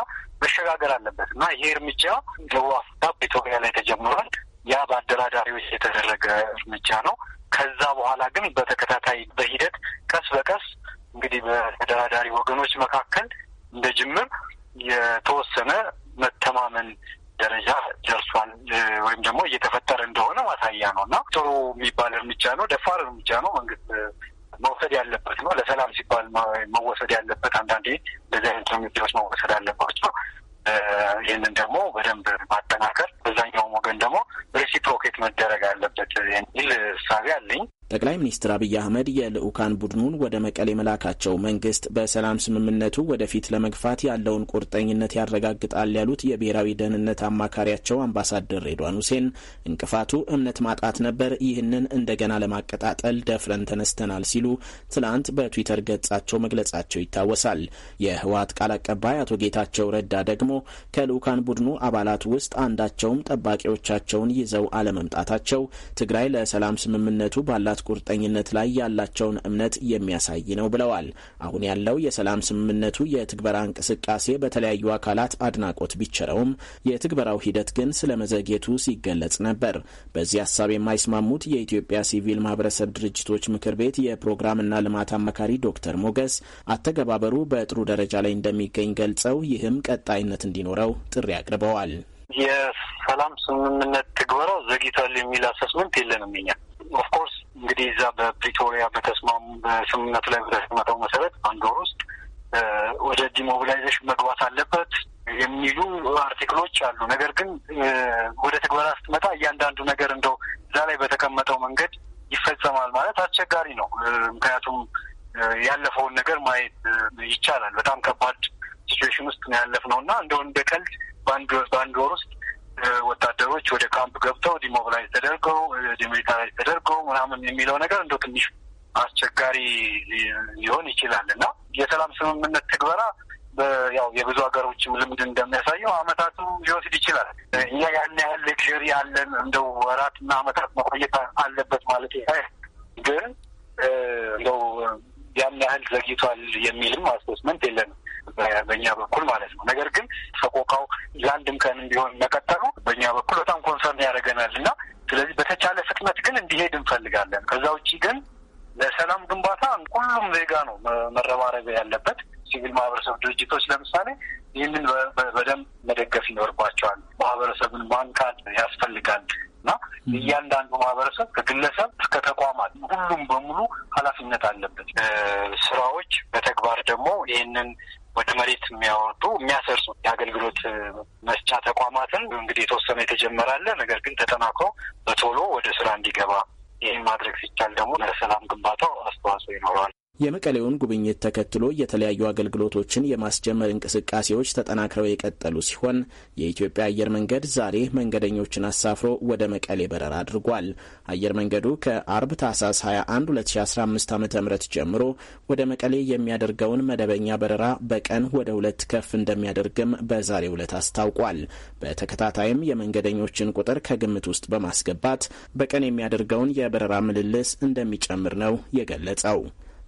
መሸጋገር አለበት እና ይሄ እርምጃ ደቡብ አፍሪካ ኢትዮጵያ ላይ ተጀምሯል። ያ በአደራዳሪዎች የተደረገ እርምጃ ነው። ከዛ በኋላ ግን በተከታታይ በሂደት ቀስ በቀስ እንግዲህ በተደራዳሪ ወገኖች መካከል እንደ ጅምር የተወሰነ መተማመን ደረጃ ደርሷል ወይም ደግሞ እየተፈጠረ እንደሆነ ማሳያ ነው እና ጥሩ የሚባል እርምጃ ነው። ደፋር እርምጃ ነው። መንግስት መውሰድ ያለበት ነው። ለሰላም ሲባል መወሰድ ያለበት አንዳንዴ እንደዚህ አይነት እርምጃዎች መወሰድ አለባቸው። ይህንን ደግሞ በደንብ ማጠናከር፣ በዛኛውም ወገን ደግሞ ሬሲፕሮኬት መደረግ አለበት የሚል እሳቤ
አለኝ። ጠቅላይ ሚኒስትር አብይ አህመድ የልዑካን ቡድኑን ወደ መቀሌ መላካቸው መንግስት በሰላም ስምምነቱ ወደፊት ለመግፋት ያለውን ቁርጠኝነት ያረጋግጣል ያሉት የብሔራዊ ደህንነት አማካሪያቸው አምባሳደር ሬድዋን ሁሴን እንቅፋቱ እምነት ማጣት ነበር፣ ይህንን እንደገና ለማቀጣጠል ደፍረን ተነስተናል ሲሉ ትናንት በትዊተር ገጻቸው መግለጻቸው ይታወሳል። የህወሓት ቃል አቀባይ አቶ ጌታቸው ረዳ ደግሞ ከልዑካን ቡድኑ አባላት ውስጥ አንዳቸውም ጠባቂዎቻቸውን ይዘው አለመምጣታቸው ትግራይ ለሰላም ስምምነቱ ባላት የመግባት ቁርጠኝነት ላይ ያላቸውን እምነት የሚያሳይ ነው ብለዋል። አሁን ያለው የሰላም ስምምነቱ የትግበራ እንቅስቃሴ በተለያዩ አካላት አድናቆት ቢቸረውም የትግበራው ሂደት ግን ስለ መዘግየቱ ሲገለጽ ነበር። በዚህ ሀሳብ የማይስማሙት የኢትዮጵያ ሲቪል ማህበረሰብ ድርጅቶች ምክር ቤት የፕሮግራምና ልማት አማካሪ ዶክተር ሞገስ አተገባበሩ በጥሩ ደረጃ ላይ እንደሚገኝ ገልጸው ይህም ቀጣይነት እንዲኖረው ጥሪ አቅርበዋል።
የሰላም ስምምነት ትግበራው ዘግይቷል የሚል አሰስመንት የለንም እኛ። ኦፍኮርስ እንግዲህ እዛ በፕሪቶሪያ በተስማሙ በስምምነቱ ላይ በተስማተው መሰረት አንድ ወር ውስጥ ወደ ዲሞቢላይዜሽን መግባት አለበት የሚሉ አርቲክሎች አሉ። ነገር ግን ወደ ትግበራ ስትመጣ እያንዳንዱ ነገር እንደው እዛ ላይ በተቀመጠው መንገድ ይፈጸማል ማለት አስቸጋሪ ነው። ምክንያቱም ያለፈውን ነገር ማየት ይቻላል። በጣም ከባድ ሲትዌሽን ውስጥ ነው ያለፍነው እና እንደው እንደ ቀልድ በአንድ በአንድ ወር ውስጥ ወታደሮች ወደ ካምፕ ገብተው ዲሞብላይዝ ተደርገው ዲሚሊታራይዝ ተደርገው ምናምን የሚለው ነገር እንደ ትንሽ አስቸጋሪ ሊሆን ይችላል እና የሰላም ስምምነት ትግበራ ያው የብዙ ሀገሮችም ልምድ እንደሚያሳየው አመታቱ ሊወስድ ይችላል። እኛ ያን ያህል ሌክዥሪ ያለን እንደው እና አመታት መቆየት አለበት ማለት ግን እንደው ያን ያህል ዘግይቷል የሚልም አሶስመንት የለንም። በእኛ በኩል ማለት ነው። ነገር ግን ሰቆቃው ለአንድም ቀን ቢሆን መቀጠሉ በእኛ በኩል በጣም ኮንሰርን ያደርገናል እና ስለዚህ በተቻለ ፍጥነት ግን እንዲሄድ እንፈልጋለን። ከዛ ውጭ ግን ለሰላም ግንባታ ሁሉም ዜጋ ነው መረባረብ ያለበት። ሲቪል ማህበረሰብ ድርጅቶች ለምሳሌ ይህንን በደንብ መደገፍ ይኖርባቸዋል። ማህበረሰብን ማንቃት ያስፈልጋል እና እያንዳንዱ ማህበረሰብ ከግለሰብ እስከ ተቋማት ሁሉም በሙሉ ኃላፊነት አለበት። ስራዎች በተግባር ደግሞ ይህንን ወደ መሬት የሚያወጡ የሚያሰርሱ የአገልግሎት መስጫ ተቋማትን እንግዲህ የተወሰነ የተጀመራለ ነገር ግን ተጠናክሮ በቶሎ ወደ ስራ እንዲገባ ይህን ማድረግ ሲቻል ደግሞ ለሰላም ግንባታው አስተዋጽኦ
ይኖረዋል። የመቀሌውን ጉብኝት ተከትሎ የተለያዩ አገልግሎቶችን የማስጀመር እንቅስቃሴዎች ተጠናክረው የቀጠሉ ሲሆን የኢትዮጵያ አየር መንገድ ዛሬ መንገደኞችን አሳፍሮ ወደ መቀሌ በረራ አድርጓል። አየር መንገዱ ከአርብ ታህሳስ 21 2015 ዓ ም ጀምሮ ወደ መቀሌ የሚያደርገውን መደበኛ በረራ በቀን ወደ ሁለት ከፍ እንደሚያደርግም በዛሬው ዕለት አስታውቋል። በተከታታይም የመንገደኞችን ቁጥር ከግምት ውስጥ በማስገባት በቀን የሚያደርገውን የበረራ ምልልስ እንደሚጨምር ነው የገለጸው።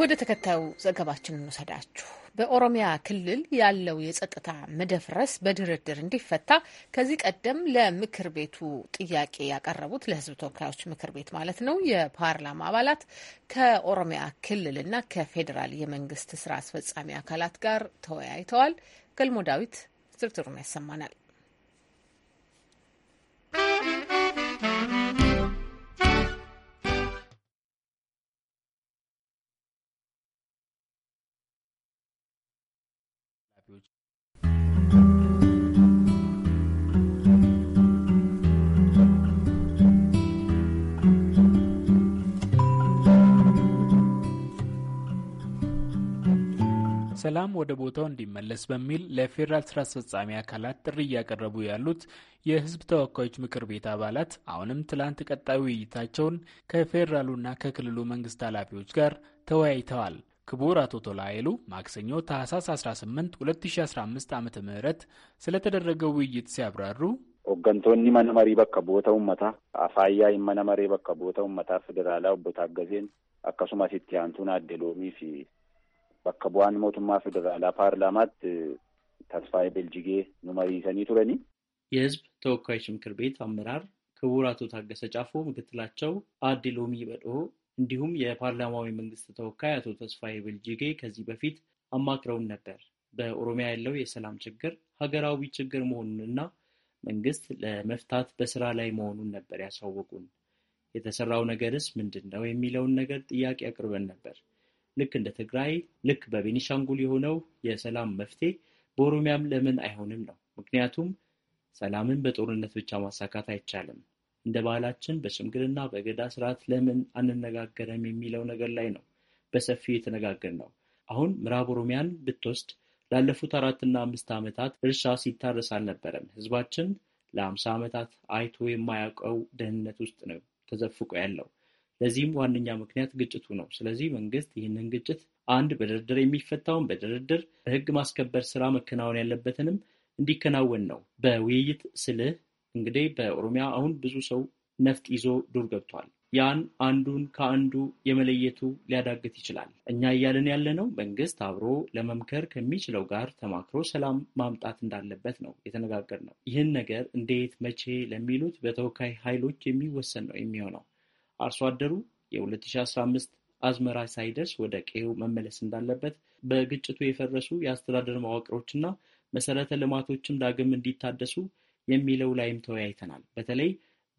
ወደ ተከታዩ ዘገባችን እንውሰዳችሁ። በኦሮሚያ ክልል ያለው የጸጥታ መደፍረስ በድርድር እንዲፈታ ከዚህ ቀደም ለምክር ቤቱ ጥያቄ ያቀረቡት ለሕዝብ ተወካዮች ምክር ቤት ማለት ነው የፓርላማ አባላት ከኦሮሚያ ክልልና ከፌዴራል የመንግስት ስራ አስፈጻሚ አካላት ጋር ተወያይተዋል። ገልሞ ዳዊት ዝርዝሩን ያሰማናል።
ሰላም ወደ ቦታው እንዲመለስ በሚል ለፌዴራል ስራ አስፈጻሚ አካላት ጥሪ እያቀረቡ ያሉት የህዝብ ተወካዮች ምክር ቤት አባላት አሁንም ትላንት ቀጣዩ ውይይታቸውን ከፌዴራሉና ከክልሉ መንግስት ኃላፊዎች ጋር ተወያይተዋል። ክቡር አቶ ቶላ ማክሰኞ ታህሳስ 18 2015 ዓ ም ስለተደረገው ውይይት ሲያብራሩ
ኦገንቶኒ መነመሪ በከ ቦታ ኡመታ አፋያ መነመሪ በከ ቦታ ኡመታ ፌዴራላ ቦታ ገዜን አካሱማ ሲቲያንቱን አደሎሚ ፊ bakka bu'aan mootummaa federaalaa paarlaamaatti ተስፋዬ ቤልጅጌ ኑመሪሰኒ ቱረኒ
የህዝብ ተወካዮች ምክር ቤት አመራር ክቡር አቶ ታገሰ ጫፎ፣ ምክትላቸው አዲ ሎሚ በድሆ እንዲሁም የፓርላማዊ መንግስት ተወካይ አቶ ተስፋዬ ቤልጅጌ ከዚህ በፊት አማክረውን ነበር። በኦሮሚያ ያለው የሰላም ችግር ሀገራዊ ችግር መሆኑንና መንግስት ለመፍታት በስራ ላይ መሆኑን ነበር ያሳወቁን። የተሰራው ነገርስ ምንድን ነው የሚለውን ነገር ጥያቄ አቅርበን ነበር። ልክ እንደ ትግራይ፣ ልክ በቤኒሻንጉል የሆነው የሰላም መፍትሄ በኦሮሚያም ለምን አይሆንም ነው። ምክንያቱም ሰላምን በጦርነት ብቻ ማሳካት አይቻልም። እንደ ባህላችን በሽምግልና በገዳ ስርዓት ለምን አንነጋገርም የሚለው ነገር ላይ ነው በሰፊው የተነጋገር ነው። አሁን ምዕራብ ኦሮሚያን ብትወስድ ላለፉት አራትና አምስት ዓመታት እርሻ ሲታረስ አልነበረም። ህዝባችን ለአምሳ ዓመታት አይቶ የማያውቀው ደህንነት ውስጥ ነው ተዘፍቆ ያለው። ለዚህም ዋነኛ ምክንያት ግጭቱ ነው። ስለዚህ መንግስት ይህንን ግጭት አንድ በድርድር የሚፈታውን በድርድር በህግ ማስከበር ስራ መከናወን ያለበትንም እንዲከናወን ነው። በውይይት ስልህ እንግዲህ በኦሮሚያ አሁን ብዙ ሰው ነፍጥ ይዞ ዱር ገብቷል። ያን አንዱን ከአንዱ የመለየቱ ሊያዳግት ይችላል። እኛ እያለን ያለነው መንግስት አብሮ ለመምከር ከሚችለው ጋር ተማክሮ ሰላም ማምጣት እንዳለበት ነው የተነጋገርነው። ይህን ነገር እንዴት መቼ ለሚሉት በተወካይ ኃይሎች የሚወሰን ነው የሚሆነው አርሶ አደሩ የ2015 አዝመራ ሳይደርስ ወደ ቀዬው መመለስ እንዳለበት በግጭቱ የፈረሱ የአስተዳደር መዋቅሮችና መሰረተ ልማቶችም ዳግም እንዲታደሱ የሚለው ላይም ተወያይተናል። በተለይ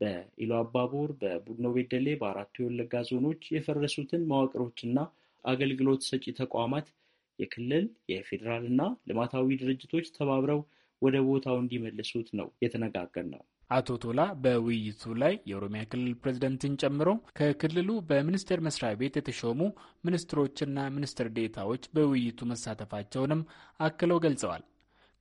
በኢሎ አባቦር፣ በቡድኖ ቤደሌ፣ በአራቱ የወለጋ ዞኖች የፈረሱትን መዋቅሮችና አገልግሎት ሰጪ ተቋማት የክልል የፌዴራልና ልማታዊ ድርጅቶች ተባብረው ወደ ቦታው እንዲመልሱት ነው
ነው። አቶ ቶላ በውይይቱ ላይ የኦሮሚያ ክልል ፕሬዝደንትን ጨምሮ ከክልሉ በሚኒስቴር መስሪያ ቤት የተሾሙ ሚኒስትሮችና ሚኒስትር ዴታዎች በውይይቱ መሳተፋቸውንም አክለው ገልጸዋል።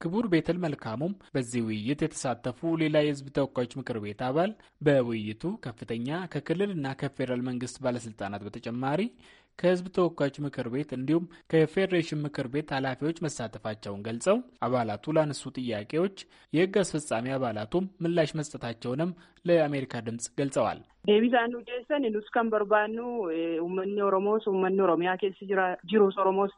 ክቡር ቤተል መልካሙም በዚህ ውይይት የተሳተፉ ሌላ የህዝብ ተወካዮች ምክር ቤት አባል በውይይቱ ከፍተኛ ከክልልና ከፌዴራል መንግስት ባለስልጣናት በተጨማሪ ከህዝብ ተወካዮች ምክር ቤት እንዲሁም ከፌዴሬሽን ምክር ቤት ኃላፊዎች መሳተፋቸውን ገልጸው አባላቱ ላነሱ ጥያቄዎች የህግ አስፈጻሚ አባላቱም ምላሽ መስጠታቸውንም ለአሜሪካ ድምጽ ገልጸዋል።
ዴቢሳን ጀሰን ኑስከን
በርባኑ ኡመኒ ኦሮሞስ ኡመኒ ኦሮሚያ ኬስ ጅሩስ ኦሮሞስ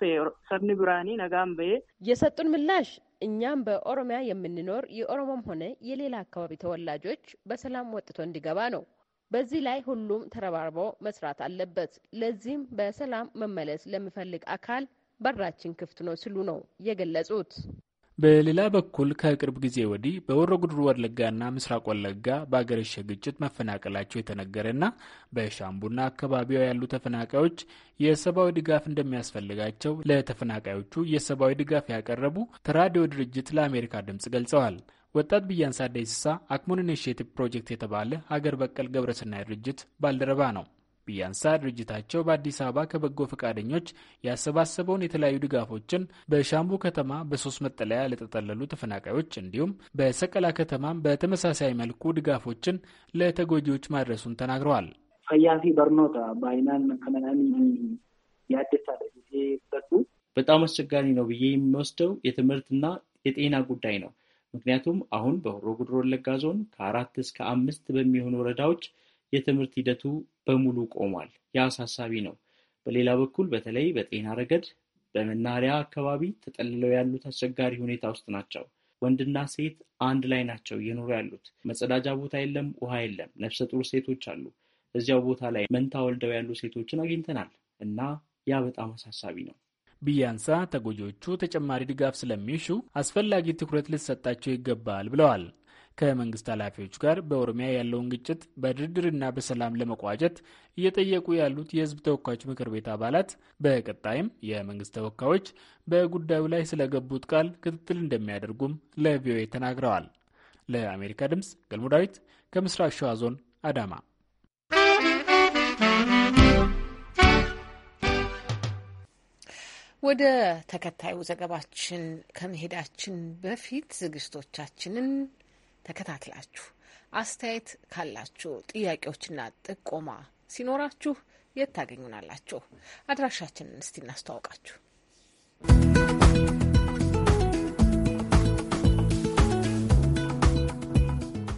ሰብኒ ብራኒ ነጋም በ የሰጡን ምላሽ እኛም በኦሮሚያ የምንኖር የኦሮሞም ሆነ የሌላ አካባቢ ተወላጆች በሰላም ወጥቶ እንዲገባ ነው። በዚህ ላይ ሁሉም ተረባርቦ መስራት አለበት። ለዚህም በሰላም መመለስ ለሚፈልግ አካል በራችን ክፍት ነው ሲሉ ነው የገለጹት።
በሌላ በኩል ከቅርብ ጊዜ ወዲህ በወሮ ጉድሩ ወለጋና ምስራቅ ወለጋ በአገረሸ ግጭት መፈናቀላቸው የተነገረና በሻምቡና አካባቢዋ ያሉ ተፈናቃዮች የሰብአዊ ድጋፍ እንደሚያስፈልጋቸው ለተፈናቃዮቹ የሰብአዊ ድጋፍ ያቀረቡ ተራዲዮ ድርጅት ለአሜሪካ ድምጽ ገልጸዋል። ወጣት ብያንሳ ደይስሳ አክሞን ኢኒሽቲቭ ፕሮጀክት የተባለ ሀገር በቀል ግብረሰናይ ድርጅት ባልደረባ ነው። ብያንሳ ድርጅታቸው በአዲስ አበባ ከበጎ ፈቃደኞች ያሰባሰበውን የተለያዩ ድጋፎችን በሻምቡ ከተማ በሶስት መጠለያ ለተጠለሉ ተፈናቃዮች እንዲሁም በሰቀላ ከተማ በተመሳሳይ መልኩ ድጋፎችን ለተጎጂዎች ማድረሱን ተናግረዋል።
ፈያፊ በርኖታ ባይናን መከመናሚ ያደሳ በጣም አስቸጋሪ ነው ብዬ የሚወስደው የትምህርትና የጤና ጉዳይ ነው። ምክንያቱም አሁን በሆሮ ጉድሮ ወለጋ ዞን ከአራት እስከ አምስት በሚሆኑ ወረዳዎች የትምህርት ሂደቱ በሙሉ ቆሟል። ያ አሳሳቢ ነው። በሌላ በኩል በተለይ በጤና ረገድ በመናኸሪያ አካባቢ ተጠልለው ያሉት አስቸጋሪ ሁኔታ ውስጥ ናቸው። ወንድና ሴት አንድ ላይ ናቸው እየኖሩ ያሉት። መጸዳጃ ቦታ የለም፣ ውሃ የለም። ነፍሰ ጡር ሴቶች አሉ። እዚያው ቦታ ላይ መንታ
ወልደው ያሉ ሴቶችን አግኝተናል እና ያ በጣም አሳሳቢ ነው። ብያንሳ ተጎጂዎቹ ተጨማሪ ድጋፍ ስለሚሹ አስፈላጊ ትኩረት ሊሰጣቸው ይገባል ብለዋል። ከመንግስት ኃላፊዎች ጋር በኦሮሚያ ያለውን ግጭት በድርድርና በሰላም ለመቋጨት እየጠየቁ ያሉት የህዝብ ተወካዮች ምክር ቤት አባላት በቀጣይም የመንግስት ተወካዮች በጉዳዩ ላይ ስለገቡት ቃል ክትትል እንደሚያደርጉም ለቪኦኤ ተናግረዋል። ለአሜሪካ ድምፅ ገልሞ ዳዊት ከምስራቅ ሸዋ ዞን አዳማ
ወደ ተከታዩ ዘገባችን ከመሄዳችን በፊት ዝግጅቶቻችንን ተከታትላችሁ አስተያየት ካላችሁ ጥያቄዎችና ጥቆማ ሲኖራችሁ የት ታገኙናላችሁ? አድራሻችንን እስቲ እናስተዋውቃችሁ።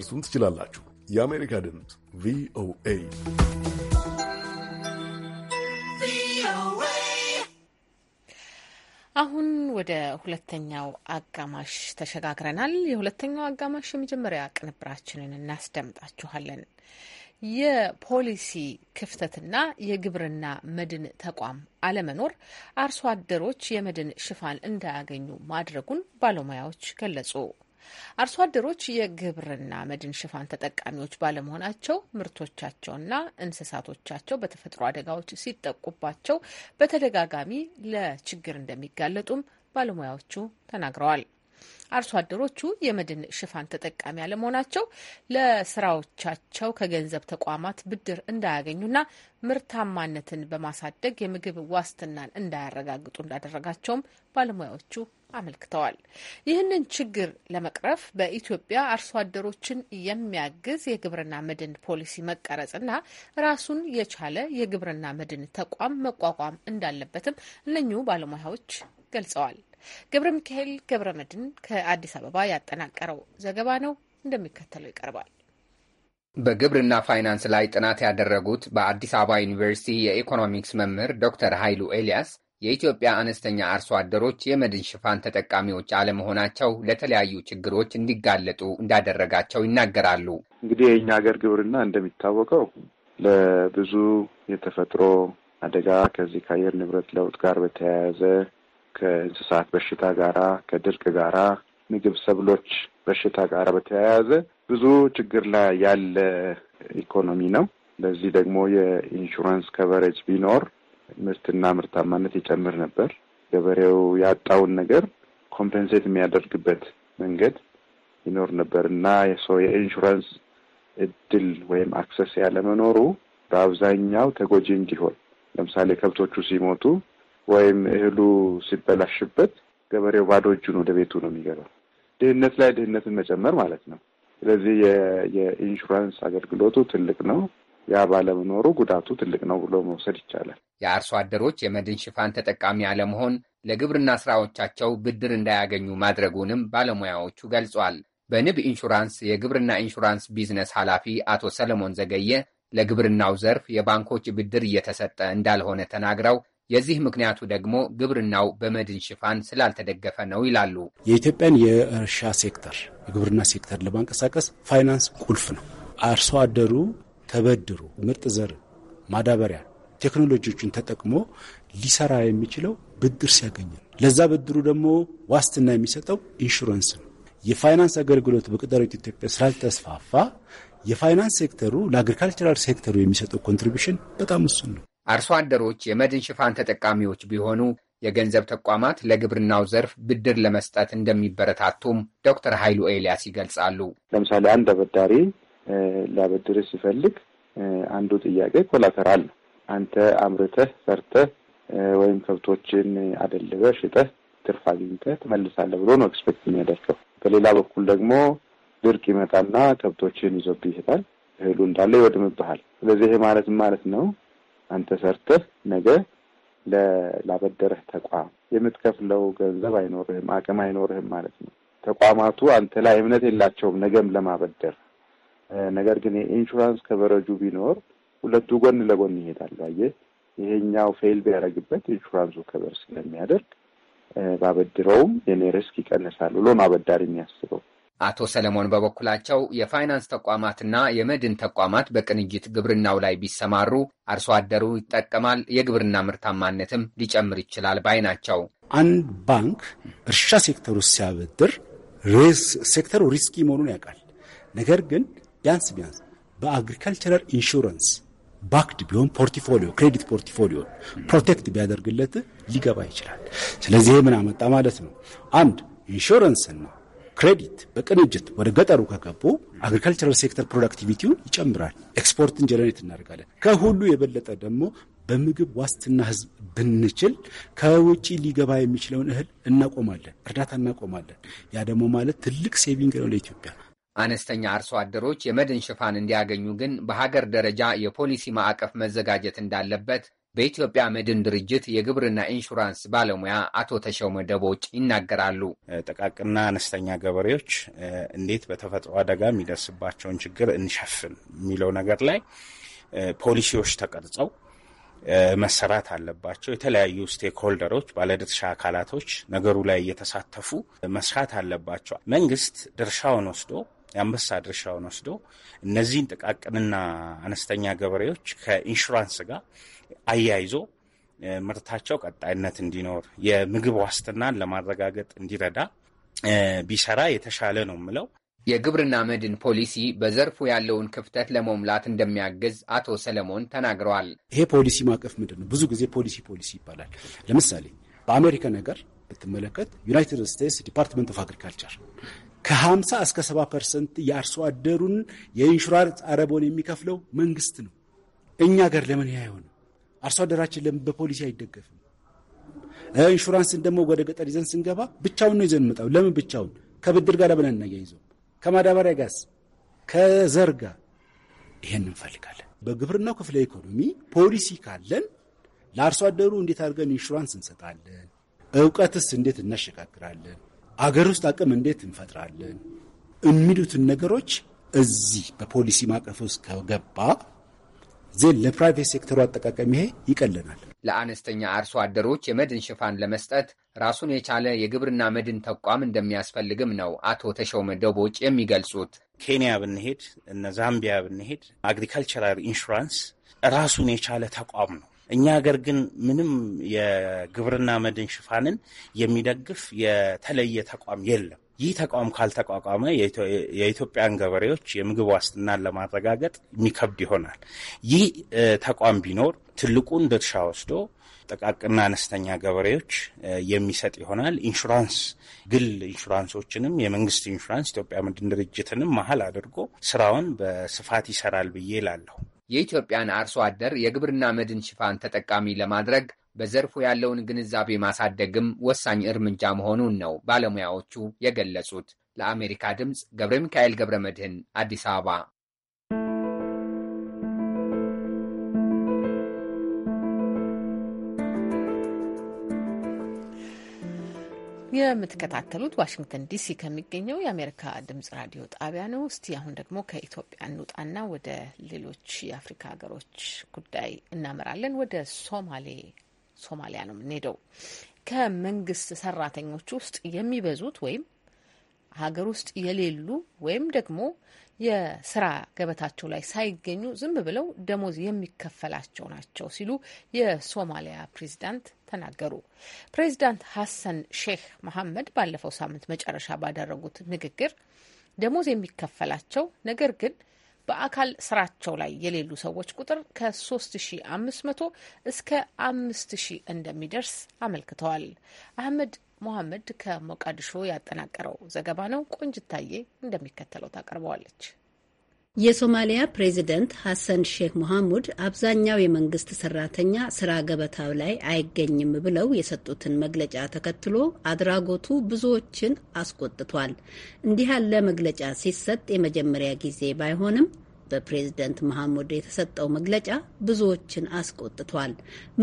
ልታደርሱን ትችላላችሁ። የአሜሪካ ድምፅ ቪኦኤ
አሁን ወደ ሁለተኛው አጋማሽ ተሸጋግረናል። የሁለተኛው አጋማሽ የመጀመሪያ ቅንብራችንን እናስደምጣችኋለን። የፖሊሲ ክፍተትና የግብርና መድን ተቋም አለመኖር አርሶ አደሮች የመድን ሽፋን እንዳያገኙ ማድረጉን ባለሙያዎች ገለጹ። አርሶ አደሮች የግብርና መድን ሽፋን ተጠቃሚዎች ባለመሆናቸው ምርቶቻቸውና እንስሳቶቻቸው በተፈጥሮ አደጋዎች ሲጠቁባቸው በተደጋጋሚ ለችግር እንደሚጋለጡም ባለሙያዎቹ ተናግረዋል። አርሶ አደሮቹ የመድን ሽፋን ተጠቃሚ አለመሆናቸው ለስራዎቻቸው ከገንዘብ ተቋማት ብድር እንዳያገኙና ምርታማነትን በማሳደግ የምግብ ዋስትናን እንዳያረጋግጡ እንዳደረጋቸውም ባለሙያዎቹ አመልክተዋል። ይህንን ችግር ለመቅረፍ በኢትዮጵያ አርሶ አደሮችን የሚያግዝ የግብርና መድን ፖሊሲ መቀረጽና ራሱን የቻለ የግብርና መድን ተቋም መቋቋም እንዳለበትም እነኚሁ ባለሙያዎች ገልጸዋል። ገብረ ሚካኤል ገብረ መድን ከአዲስ አበባ ያጠናቀረው ዘገባ ነው፣ እንደሚከተለው ይቀርባል።
በግብርና ፋይናንስ ላይ ጥናት ያደረጉት በአዲስ አበባ ዩኒቨርሲቲ የኢኮኖሚክስ መምህር ዶክተር ኃይሉ ኤልያስ የኢትዮጵያ አነስተኛ አርሶ አደሮች የመድን ሽፋን ተጠቃሚዎች አለመሆናቸው ለተለያዩ ችግሮች እንዲጋለጡ እንዳደረጋቸው ይናገራሉ።
እንግዲህ የእኛ ሀገር ግብርና እንደሚታወቀው ለብዙ የተፈጥሮ አደጋ ከዚህ ከአየር ንብረት ለውጥ ጋር በተያያዘ ከእንስሳት በሽታ ጋራ ከድርቅ ጋራ ምግብ ሰብሎች በሽታ ጋራ በተያያዘ ብዙ ችግር ላይ ያለ ኢኮኖሚ ነው። ለዚህ ደግሞ የኢንሹራንስ ከቨሬጅ ቢኖር ምርትና ምርታማነት ይጨምር ነበር። ገበሬው ያጣውን ነገር ኮምፐንሴት የሚያደርግበት መንገድ ይኖር ነበር እና የሰው የኢንሹራንስ እድል ወይም አክሰስ ያለመኖሩ በአብዛኛው ተጎጂ እንዲሆን ለምሳሌ ከብቶቹ ሲሞቱ ወይም እህሉ ሲበላሽበት ገበሬው ባዶ እጁን ወደ ቤቱ ነው የሚገባው። ድህነት ላይ ድህነትን መጨመር ማለት ነው። ስለዚህ የኢንሹራንስ አገልግሎቱ ትልቅ ነው። ያ ባለመኖሩ ጉዳቱ ትልቅ ነው ብሎ መውሰድ ይቻላል።
የአርሶ አደሮች የመድን ሽፋን ተጠቃሚ አለመሆን ለግብርና ስራዎቻቸው ብድር እንዳያገኙ ማድረጉንም ባለሙያዎቹ ገልጿል። በንብ ኢንሹራንስ የግብርና ኢንሹራንስ ቢዝነስ ኃላፊ አቶ ሰለሞን ዘገየ ለግብርናው ዘርፍ የባንኮች ብድር እየተሰጠ እንዳልሆነ ተናግረው የዚህ ምክንያቱ ደግሞ ግብርናው በመድን ሽፋን ስላልተደገፈ ነው ይላሉ።
የኢትዮጵያን የእርሻ ሴክተር የግብርና ሴክተር ለማንቀሳቀስ ፋይናንስ ቁልፍ ነው። አርሶ አደሩ ተበድሮ ምርጥ ዘር፣ ማዳበሪያ፣ ቴክኖሎጂዎችን ተጠቅሞ ሊሰራ የሚችለው ብድር ሲያገኝ ነው። ለዛ ብድሩ ደግሞ ዋስትና የሚሰጠው ኢንሹራንስ ነው። የፋይናንስ አገልግሎት በቅጠሪት ኢትዮጵያ ስላልተስፋፋ የፋይናንስ ሴክተሩ ለአግሪካልቸራል ሴክተሩ የሚሰጠው ኮንትሪቢሽን በጣም እሱን ነው።
አርሶ አደሮች የመድን ሽፋን ተጠቃሚዎች ቢሆኑ የገንዘብ ተቋማት ለግብርናው ዘርፍ ብድር ለመስጠት እንደሚበረታቱም ዶክተር ኃይሉ ኤልያስ
ይገልጻሉ። ለምሳሌ አንድ አበዳሪ ሊያበድር ሲፈልግ አንዱ ጥያቄ ኮላተራል ነው። አንተ አምርተህ ሰርተህ ወይም ከብቶችን አደልበህ ሽጠህ ትርፍ አግኝተህ ትመልሳለህ ብሎ ነው ኤክስፔክት የሚያደርገው። በሌላ በኩል ደግሞ ድርቅ ይመጣና ከብቶችን ይዞብህ ይሄዳል። እህሉ እንዳለ ይወድምብሃል። ስለዚህ ይሄ ማለት ማለት ነው አንተ ሰርተህ ነገ ላበደረህ ተቋም የምትከፍለው ገንዘብ አይኖርህም፣ አቅም አይኖርህም ማለት ነው። ተቋማቱ አንተ ላይ እምነት የላቸውም ነገም ለማበደር። ነገር ግን የኢንሹራንስ ከበረጁ ቢኖር ሁለቱ ጎን ለጎን ይሄዳሉ። አየህ ይሄኛው ፌል ቢያደርግበት ኢንሹራንሱ ከበር ስለሚያደርግ ባበድረውም የኔ ሪስክ ይቀንሳል ብሎ ማበዳር የሚያስበው።
አቶ ሰለሞን በበኩላቸው የፋይናንስ ተቋማትና የመድን ተቋማት በቅንጅት ግብርናው ላይ ቢሰማሩ አርሶ አደሩ ይጠቀማል፣ የግብርና ምርታማነትም ሊጨምር ይችላል ባይ ናቸው።
አንድ ባንክ እርሻ ሴክተሩ ሲያበድር ሴክተሩ ሪስኪ መሆኑን ያውቃል። ነገር ግን ቢያንስ ቢያንስ በአግሪካልቸራል ኢንሹራንስ ባክድ ቢሆን ፖርቲፎሊዮ ክሬዲት ፖርቲፎሊዮ ፕሮቴክት ቢያደርግለት ሊገባ ይችላል። ስለዚህ ምን አመጣ ማለት ነው? አንድ ኢንሹራንስና ክሬዲት በቅንጅት ወደ ገጠሩ ከገቡ አግሪካልቸራል ሴክተር ፕሮዳክቲቪቲውን ይጨምራል። ኤክስፖርትን ጀነሬት እናደርጋለን። ከሁሉ የበለጠ ደግሞ በምግብ ዋስትና ህዝብ ብንችል ከውጭ ሊገባ የሚችለውን እህል እናቆማለን፣ እርዳታ እናቆማለን። ያ ደግሞ ማለት ትልቅ ሴቪንግ ነው ለኢትዮጵያ።
አነስተኛ አርሶ አደሮች የመድን ሽፋን እንዲያገኙ ግን በሀገር ደረጃ የፖሊሲ ማዕቀፍ መዘጋጀት እንዳለበት በኢትዮጵያ መድን ድርጅት የግብርና ኢንሹራንስ ባለሙያ
አቶ ተሾመ ደቦጭ ይናገራሉ። ጥቃቅንና አነስተኛ ገበሬዎች እንዴት በተፈጥሮ አደጋ የሚደርስባቸውን ችግር እንሸፍን የሚለው ነገር ላይ ፖሊሲዎች ተቀርጸው መሰራት አለባቸው። የተለያዩ ስቴክሆልደሮች፣ ባለድርሻ አካላቶች ነገሩ ላይ እየተሳተፉ መስራት አለባቸው። መንግስት ድርሻውን ወስዶ የአንበሳ ድርሻውን ወስዶ እነዚህን ጥቃቅንና አነስተኛ ገበሬዎች ከኢንሹራንስ ጋር አያይዞ ምርታቸው ቀጣይነት እንዲኖር የምግብ ዋስትናን ለማረጋገጥ እንዲረዳ ቢሰራ የተሻለ ነው የምለው።
የግብርና መድን ፖሊሲ በዘርፉ ያለውን ክፍተት ለመሙላት እንደሚያግዝ አቶ ሰለሞን ተናግረዋል።
ይሄ ፖሊሲ ማዕቀፍ ምንድን ነው? ብዙ ጊዜ ፖሊሲ ፖሊሲ ይባላል። ለምሳሌ በአሜሪካ ነገር ብትመለከት ዩናይትድ ስቴትስ ዲፓርትመንት ኦፍ አግሪካልቸር ከ50 እስከ 70 ፐርሰንት የአርሶ አደሩን የኢንሹራንስ አረቦን የሚከፍለው መንግስት ነው። እኛ ገር ለምን ያ አርሶ አደራችን ለምን በፖሊሲ አይደገፍም? ኢንሹራንስን ደግሞ ወደ ገጠር ይዘን ስንገባ ብቻውን ነው ይዘን መጣው። ለምን ብቻውን? ከብድር ጋር ለምን ያይዞ ከማዳበሪያ ጋስ ከዘር ጋር ይሄን እንፈልጋለን። በግብርናው ክፍለ ኢኮኖሚ ፖሊሲ ካለን ለአርሶ አደሩ እንዴት አድርገን ኢንሹራንስ እንሰጣለን? እውቀትስ እንዴት እናሸጋግራለን? አገር ውስጥ አቅም እንዴት እንፈጥራለን? የሚሉትን ነገሮች እዚህ በፖሊሲ ማቀፍ ውስጥ ከገባ ዜን ለፕራይቬት ሴክተሩ አጠቃቀም ይሄ ይቀለናል።
ለአነስተኛ አርሶ አደሮች የመድን ሽፋን ለመስጠት ራሱን የቻለ የግብርና መድን ተቋም እንደሚያስፈልግም ነው አቶ ተሾመ ደቦጭ
የሚገልጹት። ኬንያ ብንሄድ እነ ዛምቢያ ብንሄድ አግሪካልቸራል ኢንሹራንስ ራሱን የቻለ ተቋም ነው። እኛ ሀገር ግን ምንም የግብርና መድን ሽፋንን የሚደግፍ የተለየ ተቋም የለም። ይህ ተቋም ካልተቋቋመ የኢትዮጵያን ገበሬዎች የምግብ ዋስትናን ለማረጋገጥ የሚከብድ ይሆናል። ይህ ተቋም ቢኖር ትልቁን ድርሻ ወስዶ ጥቃቅንና አነስተኛ ገበሬዎች የሚሰጥ ይሆናል። ኢንሹራንስ፣ ግል ኢንሹራንሶችንም የመንግስት ኢንሹራንስ ኢትዮጵያ ምድን ድርጅትንም መሀል አድርጎ ስራውን በስፋት ይሰራል ብዬ ላለሁ የኢትዮጵያን አርሶ
አደር የግብርና መድን ሽፋን ተጠቃሚ ለማድረግ በዘርፉ ያለውን ግንዛቤ ማሳደግም ወሳኝ እርምጃ መሆኑን ነው ባለሙያዎቹ የገለጹት። ለአሜሪካ ድምፅ ገብረ ሚካኤል ገብረ መድህን አዲስ አበባ።
የምትከታተሉት ዋሽንግተን ዲሲ ከሚገኘው የአሜሪካ ድምጽ ራዲዮ ጣቢያ ነው። እስቲ አሁን ደግሞ ከኢትዮጵያ እንውጣና ወደ ሌሎች የአፍሪካ ሀገሮች ጉዳይ እናመራለን። ወደ ሶማሌ ሶማሊያ ነው የምንሄደው። ከመንግስት ሰራተኞች ውስጥ የሚበዙት ወይም ሀገር ውስጥ የሌሉ ወይም ደግሞ የስራ ገበታቸው ላይ ሳይገኙ ዝም ብለው ደሞዝ የሚከፈላቸው ናቸው ሲሉ የሶማሊያ ፕሬዚዳንት ተናገሩ። ፕሬዚዳንት ሀሰን ሼክ መሐመድ ባለፈው ሳምንት መጨረሻ ባደረጉት ንግግር ደሞዝ የሚከፈላቸው ነገር ግን በአካል ስራቸው ላይ የሌሉ ሰዎች ቁጥር ከ3500 እስከ 5000 እንደሚደርስ አመልክተዋል። አህመድ ሞሐመድ ከሞቃዲሾ ያጠናቀረው ዘገባ ነው። ቆንጅታዬ እንደሚከተለው
ታቀርበዋለች። የሶማሊያ ፕሬዚደንት ሐሰን ሼክ መሐሙድ አብዛኛው የመንግስት ሰራተኛ ስራ ገበታው ላይ አይገኝም ብለው የሰጡትን መግለጫ ተከትሎ አድራጎቱ ብዙዎችን አስቆጥቷል። እንዲህ ያለ መግለጫ ሲሰጥ የመጀመሪያ ጊዜ ባይሆንም በፕሬዝደንት መሐሙድ የተሰጠው መግለጫ ብዙዎችን አስቆጥቷል።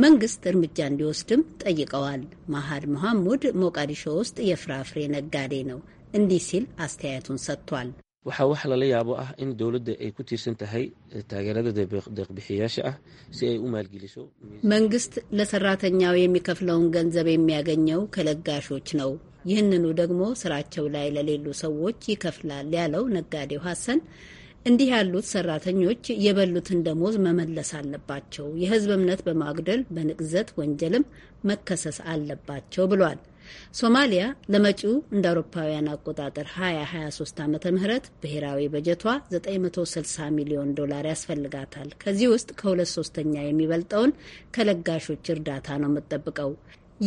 መንግስት እርምጃ እንዲወስድም ጠይቀዋል። መሐድ መሐሙድ ሞቃዲሾ ውስጥ የፍራፍሬ ነጋዴ ነው። እንዲህ ሲል አስተያየቱን ሰጥቷል።
waxaa wax lala yaabo ah in dowladda ay ku tiirsan tahay eh, taageerada deeqbixiyaasha ah si ay u maalgeliso
መንግስት ለሰራተኛው የሚከፍለውን ገንዘብ የሚያገኘው ከለጋሾች ነው። ይህንኑ ደግሞ ስራቸው ላይ ለሌሉ ሰዎች ይከፍላል ያለው ነጋዴው ሀሰን እንዲህ ያሉት ሰራተኞች የበሉትን ደሞዝ መመለስ አለባቸው፣ የህዝብ እምነት በማጉደል በንቅዘት ወንጀልም መከሰስ አለባቸው ብሏል። ሶማሊያ ለመጪው እንደ አውሮፓውያን አቆጣጠር 2023 ዓ ም ብሔራዊ በጀቷ 960 ሚሊዮን ዶላር ያስፈልጋታል። ከዚህ ውስጥ ከሁለት ሶስተኛ የሚበልጠውን ከለጋሾች እርዳታ ነው የምትጠብቀው።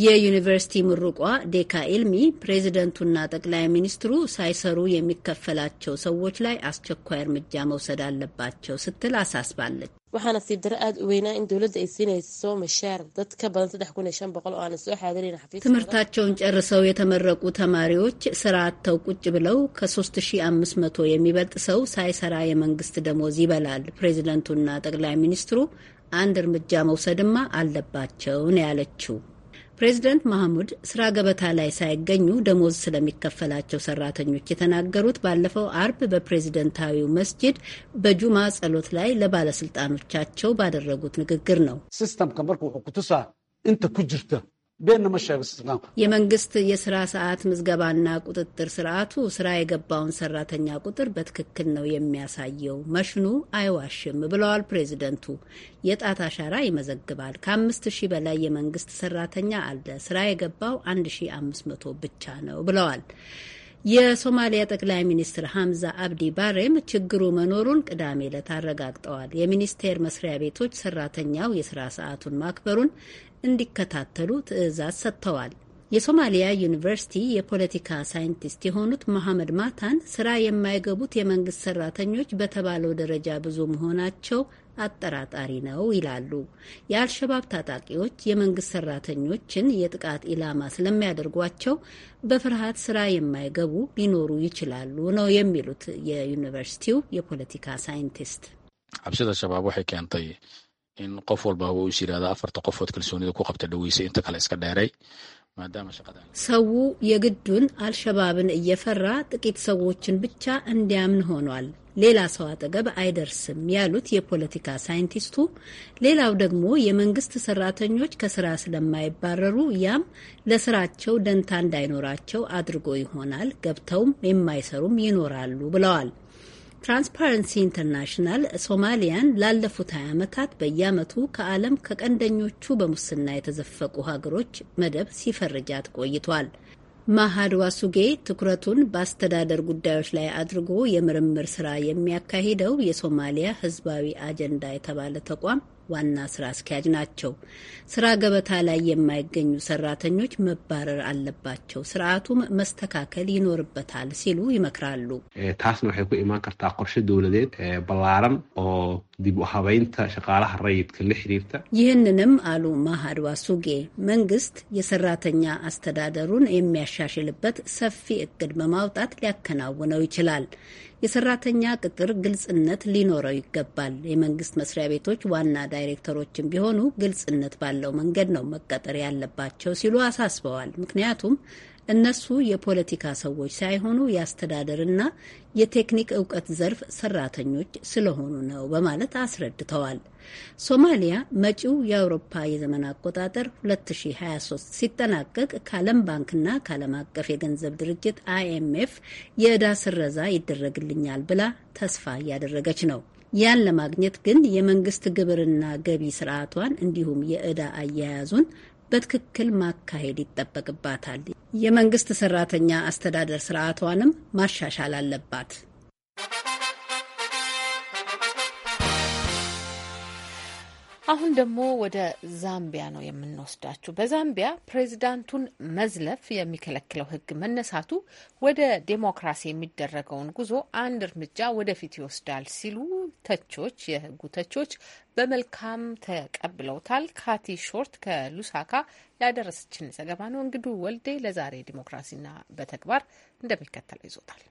የዩኒቨርሲቲ ምሩቋ ዴካ ኤልሚ ፕሬዚደንቱና ጠቅላይ ሚኒስትሩ ሳይሰሩ የሚከፈላቸው ሰዎች ላይ አስቸኳይ እርምጃ መውሰድ አለባቸው ስትል አሳስባለች። waxaana sii dara
aad u weynaa in dowladda ay siinaysa soo mashaar dad ka badan saddex kun iyo shan boqol oo aanan soo xaadirin xafiis
ትምህርታቸውን ጨርሰው የተመረቁ ተማሪዎች ስራ አጥተው ቁጭ ብለው ከ3500 የሚበልጥ ሰው ሳይሰራ የመንግስት ደሞዝ ይበላል። ፕሬዚደንቱና ጠቅላይ ሚኒስትሩ አንድ እርምጃ መውሰድማ አለባቸው ነው ያለችው። ፕሬዚደንት ማህሙድ ስራ ገበታ ላይ ሳይገኙ ደሞዝ ስለሚከፈላቸው ሰራተኞች የተናገሩት ባለፈው አርብ በፕሬዚደንታዊው መስጂድ በጁማ ጸሎት ላይ ለባለስልጣኖቻቸው ባደረጉት ንግግር ነው። የመንግስት የስራ ሰዓት ምዝገባና ቁጥጥር ስርዓቱ ስራ የገባውን ሰራተኛ ቁጥር በትክክል ነው የሚያሳየው። መሽኑ አይዋሽም ብለዋል ፕሬዚደንቱ። የጣት አሻራ ይመዘግባል። ከአምስት ሺህ በላይ የመንግስት ሰራተኛ አለ። ስራ የገባው አንድ አምስት መቶ ብቻ ነው ብለዋል። የሶማሊያ ጠቅላይ ሚኒስትር ሐምዛ አብዲ ባሬም ችግሩ መኖሩን ቅዳሜ ዕለት አረጋግጠዋል። የሚኒስቴር መስሪያ ቤቶች ሰራተኛው የስራ ሰዓቱን ማክበሩን እንዲከታተሉ ትዕዛዝ ሰጥተዋል። የሶማሊያ ዩኒቨርሲቲ የፖለቲካ ሳይንቲስት የሆኑት መሐመድ ማታን ስራ የማይገቡት የመንግስት ሰራተኞች በተባለው ደረጃ ብዙ መሆናቸው አጠራጣሪ ነው ይላሉ። የአልሸባብ ታጣቂዎች የመንግስት ሰራተኞችን የጥቃት ኢላማ ስለሚያደርጓቸው በፍርሃት ስራ የማይገቡ ሊኖሩ ይችላሉ ነው የሚሉት የዩኒቨርሲቲው የፖለቲካ ሳይንቲስት።
in qof walba uu is yiraahdo afarta qofood kalsoonida ku qabta dhaweyse inta kale iska dheeray maadaama
shaqada ሰው የግዱን አልሸባብን እየፈራ ጥቂት ሰዎችን ብቻ እንዲያምን ሆኗል። ሌላ ሰው አጠገብ አይደርስም ያሉት የፖለቲካ ሳይንቲስቱ፣ ሌላው ደግሞ የመንግስት ሰራተኞች ከስራ ስለማይባረሩ ያም ለስራቸው ደንታ እንዳይኖራቸው አድርጎ ይሆናል። ገብተውም የማይሰሩም ይኖራሉ ብለዋል። ትራንስፓረንሲ ኢንተርናሽናል ሶማሊያን ላለፉት 20 ዓመታት በየዓመቱ ከዓለም ከቀንደኞቹ በሙስና የተዘፈቁ ሀገሮች መደብ ሲፈርጃት ቆይቷል። ማሃድዋ ሱጌ ትኩረቱን በአስተዳደር ጉዳዮች ላይ አድርጎ የምርምር ስራ የሚያካሂደው የሶማሊያ ሕዝባዊ አጀንዳ የተባለ ተቋም ዋና ስራ አስኪያጅ ናቸው። ስራ ገበታ ላይ የማይገኙ ሰራተኞች መባረር አለባቸው፣ ስርዓቱም መስተካከል ይኖርበታል ሲሉ ይመክራሉ።
ታስ waxay ku ኢማን ከርታ qorshe dowladeed ballaaran ዲቡ ሀበይንተ ሸቃላ habaynta ክል ሕሪርተ
ይህንንም አሉ ማሃድ ዋሱጌ መንግስት የሰራተኛ አስተዳደሩን የሚያሻሽልበት ሰፊ እቅድ በማውጣት ሊያከናውነው ይችላል። የሰራተኛ ቅጥር ግልጽነት ሊኖረው ይገባል። የመንግስት መስሪያ ቤቶች ዋና ዳይሬክተሮችም ቢሆኑ ግልጽነት ባለው መንገድ ነው መቀጠር ያለባቸው ሲሉ አሳስበዋል። ምክንያቱም እነሱ የፖለቲካ ሰዎች ሳይሆኑ የአስተዳደርና የቴክኒክ እውቀት ዘርፍ ሰራተኞች ስለሆኑ ነው በማለት አስረድተዋል። ሶማሊያ መጪው የአውሮፓ የዘመን አቆጣጠር 2023 ሲጠናቀቅ ከዓለም ባንክና ከዓለም አቀፍ የገንዘብ ድርጅት አይኤምኤፍ የዕዳ ስረዛ ይደረግልኛል ብላ ተስፋ እያደረገች ነው። ያን ለማግኘት ግን የመንግስት ግብርና ገቢ ስርዓቷን እንዲሁም የዕዳ አያያዙን በትክክል ማካሄድ ይጠበቅባታል። የመንግስት ሰራተኛ አስተዳደር ስርዓቷንም ማሻሻል አለባት።
አሁን ደግሞ ወደ ዛምቢያ ነው የምንወስዳችሁ። በዛምቢያ ፕሬዚዳንቱን መዝለፍ የሚከለክለው ሕግ መነሳቱ ወደ ዴሞክራሲ የሚደረገውን ጉዞ አንድ እርምጃ ወደፊት ይወስዳል ሲሉ ተቾች የሕጉ ተቾች በመልካም ተቀብለውታል። ካቲ ሾርት ከሉሳካ ያደረሰችን ዘገባ ነው። እንግዱ ወልዴ ለዛሬ ዲሞክራሲና በተግባር እንደሚከተለው ይዞታል።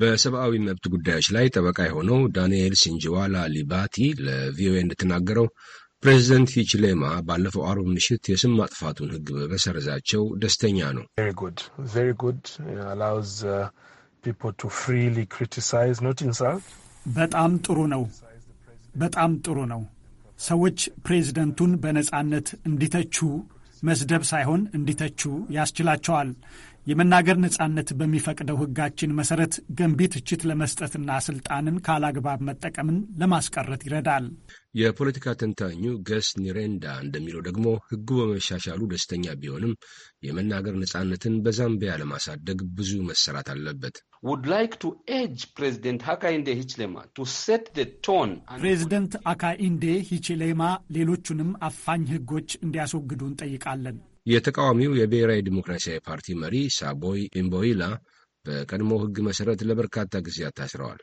በሰብአዊ መብት ጉዳዮች ላይ ጠበቃ የሆነው ዳንኤል ሲንጅዋላ ሊባቲ ለቪኦኤ እንደተናገረው ፕሬዚደንት ሂችሌማ ባለፈው አርብ ምሽት የስም ማጥፋቱን ሕግ በመሰረዛቸው ደስተኛ ነው።
uh,
በጣም ጥሩ ነው። በጣም ጥሩ ነው። ሰዎች ፕሬዚደንቱን በነጻነት እንዲተቹ መስደብ ሳይሆን እንዲተቹ ያስችላቸዋል። የመናገር ነጻነት በሚፈቅደው ሕጋችን መሰረት ገንቢ ትችት ለመስጠትና ስልጣንን ካላግባብ መጠቀምን ለማስቀረት ይረዳል።
የፖለቲካ
ተንታኙ ገስ ኒሬንዳ እንደሚለው ደግሞ ሕጉ በመሻሻሉ ደስተኛ ቢሆንም የመናገር ነጻነትን በዛምቢያ ለማሳደግ ብዙ መሰራት አለበት።
ፕሬዚደንት አካኢንዴ ሂችሌማ ሌሎቹንም አፋኝ ሕጎች እንዲያስወግዱ እንጠይቃለን።
የተቃዋሚው የብሔራዊ ዲሞክራሲያዊ ፓርቲ መሪ ሳቦይ ኢምቦይላ በቀድሞ ሕግ መሠረት ለበርካታ ጊዜያት ታስረዋል።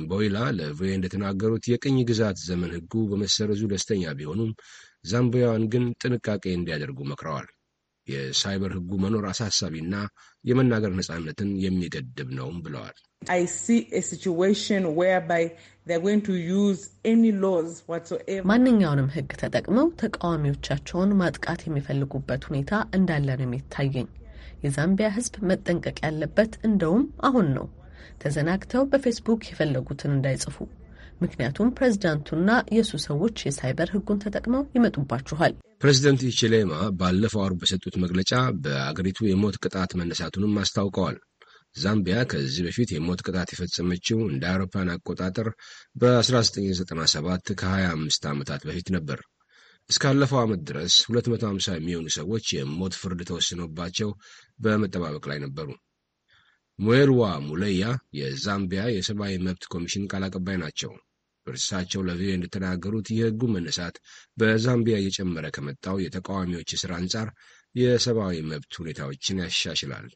ኢምቦይላ ለቪኦኤ እንደተናገሩት የቅኝ ግዛት ዘመን ሕጉ በመሰረዙ ደስተኛ ቢሆኑም ዛምቢያውያን ግን ጥንቃቄ እንዲያደርጉ መክረዋል። የሳይበር ህጉ መኖር አሳሳቢና የመናገር ነጻነትን የሚገድብ ነውም ብለዋል።
ማንኛውንም ህግ ተጠቅመው ተቃዋሚዎቻቸውን ማጥቃት የሚፈልጉበት ሁኔታ እንዳለ ነው የሚታየኝ። የዛምቢያ ህዝብ መጠንቀቅ ያለበት እንደውም አሁን ነው። ተዘናግተው በፌስቡክ የፈለጉትን እንዳይጽፉ ምክንያቱም ፕሬዚዳንቱና የእሱ ሰዎች የሳይበር ህጉን ተጠቅመው ይመጡባችኋል።
ፕሬዚደንት ቺሌማ ባለፈው አርብ በሰጡት መግለጫ በአገሪቱ የሞት ቅጣት መነሳቱንም አስታውቀዋል። ዛምቢያ ከዚህ በፊት የሞት ቅጣት የፈጸመችው እንደ አውሮፓን አቆጣጠር በ1997 ከ25 ዓመታት በፊት ነበር። እስካለፈው ዓመት ድረስ 250 የሚሆኑ ሰዎች የሞት ፍርድ ተወስኖባቸው በመጠባበቅ ላይ ነበሩ። ሙዌልዋ ሙለያ የዛምቢያ የሰብአዊ መብት ኮሚሽን ቃል አቀባይ ናቸው። እርሳቸው ለቪኦኤ እንደተናገሩት የሕጉ መነሳት በዛምቢያ እየጨመረ ከመጣው የተቃዋሚዎች ስራ አንጻር የሰብአዊ መብት ሁኔታዎችን ያሻሽላል።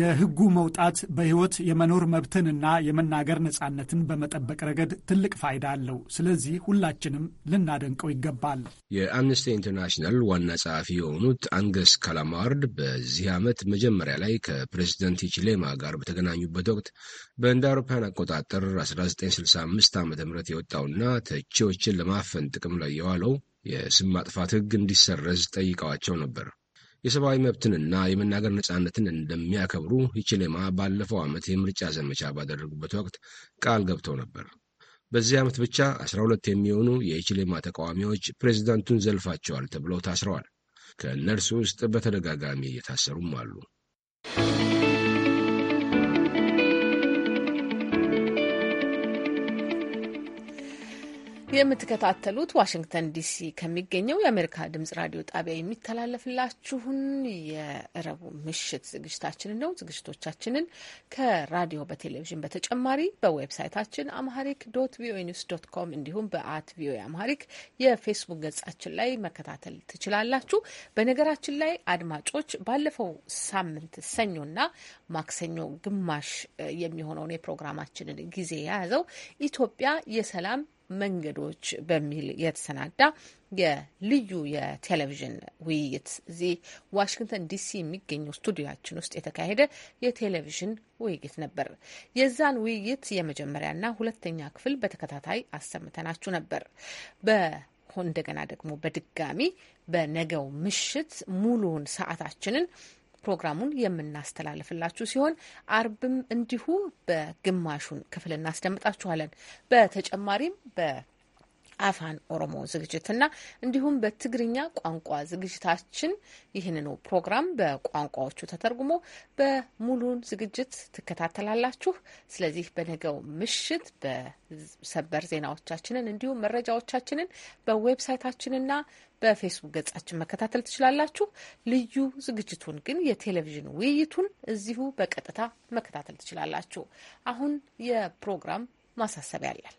የሕጉ መውጣት በሕይወት የመኖር መብትንና የመናገር ነጻነትን በመጠበቅ ረገድ ትልቅ ፋይዳ አለው። ስለዚህ ሁላችንም ልናደንቀው ይገባል።
የአምነስቲ ኢንተርናሽናል ዋና ጸሐፊ የሆኑት አንገስ ካላማርድ በዚህ ዓመት መጀመሪያ ላይ ከፕሬዝደንት ሂችሌማ ጋር በተገናኙበት ወቅት በእንደ አውሮፓውያን አቆጣጠር 1965 ዓ ም የወጣውና ተቺዎችን ለማፈን ጥቅም ላይ የዋለው የስም ማጥፋት ሕግ እንዲሰረዝ ጠይቀዋቸው ነበር። የሰብአዊ መብትንና የመናገር ነጻነትን እንደሚያከብሩ ሂችሌማ ባለፈው ዓመት የምርጫ ዘመቻ ባደረጉበት ወቅት ቃል ገብተው ነበር። በዚህ ዓመት ብቻ 12 የሚሆኑ የሂችሌማ ተቃዋሚዎች ፕሬዚዳንቱን ዘልፋቸዋል ተብለው ታስረዋል። ከእነርሱ ውስጥ በተደጋጋሚ እየታሰሩም አሉ።
የምትከታተሉት ዋሽንግተን ዲሲ ከሚገኘው የአሜሪካ ድምጽ ራዲዮ ጣቢያ የሚተላለፍላችሁን የረቡ ምሽት ዝግጅታችንን ነው። ዝግጅቶቻችንን ከራዲዮ በቴሌቪዥን በተጨማሪ በዌብሳይታችን አምሃሪክ ዶት ቪኦኤ ኒውስ ዶት ኮም እንዲሁም በአት ቪኦኤ አምሃሪክ የፌስቡክ ገጻችን ላይ መከታተል ትችላላችሁ። በነገራችን ላይ አድማጮች ባለፈው ሳምንት ሰኞና ማክሰኞ ግማሽ የሚሆነውን የፕሮግራማችንን ጊዜ የያዘው ኢትዮጵያ የሰላም መንገዶች በሚል የተሰናዳ የልዩ የቴሌቪዥን ውይይት እዚህ ዋሽንግተን ዲሲ የሚገኘው ስቱዲያችን ውስጥ የተካሄደ የቴሌቪዥን ውይይት ነበር። የዛን ውይይት የመጀመሪያና ሁለተኛ ክፍል በተከታታይ አሰምተናችሁ ነበር። እንደገና ደግሞ በድጋሚ በነገው ምሽት ሙሉውን ሰዓታችንን ፕሮግራሙን የምናስተላልፍላችሁ ሲሆን አርብም እንዲሁ በግማሹን ክፍል እናስደምጣችኋለን። በተጨማሪም በ አፋን ኦሮሞ ዝግጅትና እንዲሁም በትግርኛ ቋንቋ ዝግጅታችን ይህንኑ ፕሮግራም በቋንቋዎቹ ተተርጉሞ በሙሉን ዝግጅት ትከታተላላችሁ። ስለዚህ በነገው ምሽት በሰበር ዜናዎቻችንን እንዲሁም መረጃዎቻችንን በዌብሳይታችንና በፌስቡክ ገጻችን መከታተል ትችላላችሁ። ልዩ ዝግጅቱን ግን የቴሌቪዥን ውይይቱን እዚሁ በቀጥታ መከታተል ትችላላችሁ። አሁን የፕሮግራም ማሳሰቢያ አለን።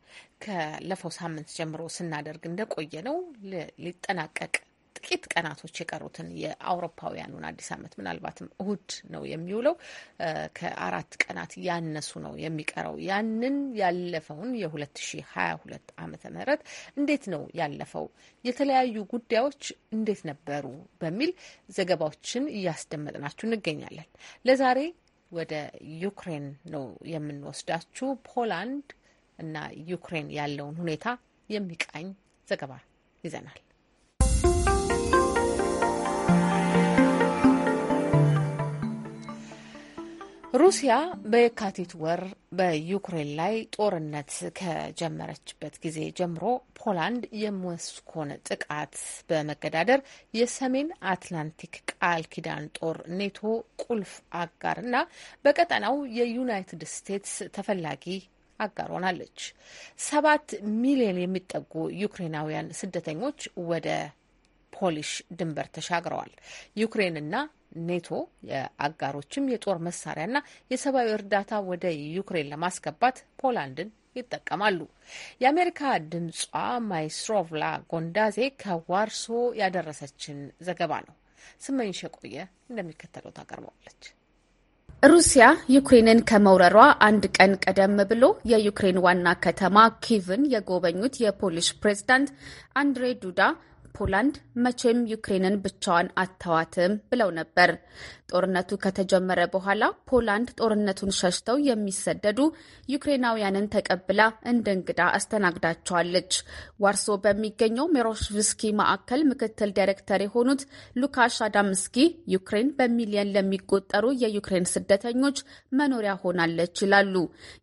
ከለፈው ሳምንት ጀምሮ ስናደርግ እንደቆየ ነው ሊጠናቀቅ ጥቂት ቀናቶች የቀሩትን የአውሮፓውያኑን አዲስ ዓመት ምናልባትም እሁድ ነው የሚውለው። ከአራት ቀናት ያነሱ ነው የሚቀረው። ያንን ያለፈውን የ2022 ዓመተ ምህረት እንዴት ነው ያለፈው፣ የተለያዩ ጉዳዮች እንዴት ነበሩ በሚል ዘገባዎችን እያስደመጥናችሁ እንገኛለን። ለዛሬ ወደ ዩክሬን ነው የምንወስዳችሁ ፖላንድ እና ዩክሬን ያለውን ሁኔታ የሚቃኝ ዘገባ ይዘናል። ሩሲያ በየካቲት ወር በዩክሬን ላይ ጦርነት ከጀመረችበት ጊዜ ጀምሮ ፖላንድ የሞስኮን ጥቃት በመገዳደር የሰሜን አትላንቲክ ቃል ኪዳን ጦር ኔቶ ቁልፍ አጋርና በቀጠናው የዩናይትድ ስቴትስ ተፈላጊ አጋሯናለች። ሰባት ሚሊዮን የሚጠጉ ዩክሬናውያን ስደተኞች ወደ ፖሊሽ ድንበር ተሻግረዋል። ዩክሬንና ኔቶ የአጋሮችም የጦር መሳሪያና የሰብአዊ እርዳታ ወደ ዩክሬን ለማስገባት ፖላንድን ይጠቀማሉ። የአሜሪካ ድምጿ ማይስሮቭላ ጎንዳዜ ከዋርሶ ያደረሰችን ዘገባ ነው። ስመኝሽ የቆየ እንደሚከተለው ታቀርበዋለች።
ሩሲያ ዩክሬንን ከመውረሯ አንድ ቀን ቀደም ብሎ የዩክሬን ዋና ከተማ ኪቭን የጎበኙት የፖሊሽ ፕሬዝዳንት አንድሬ ዱዳ ፖላንድ መቼም ዩክሬንን ብቻዋን አተዋትም ብለው ነበር። ጦርነቱ ከተጀመረ በኋላ ፖላንድ ጦርነቱን ሸሽተው የሚሰደዱ ዩክሬናውያንን ተቀብላ እንደ እንግዳ አስተናግዳቸዋለች። ዋርሶ በሚገኘው ሜሮሽቭስኪ ማዕከል ምክትል ዳይሬክተር የሆኑት ሉካሽ አዳምስኪ ዩክሬን በሚሊየን ለሚቆጠሩ የዩክሬን ስደተኞች መኖሪያ ሆናለች ይላሉ።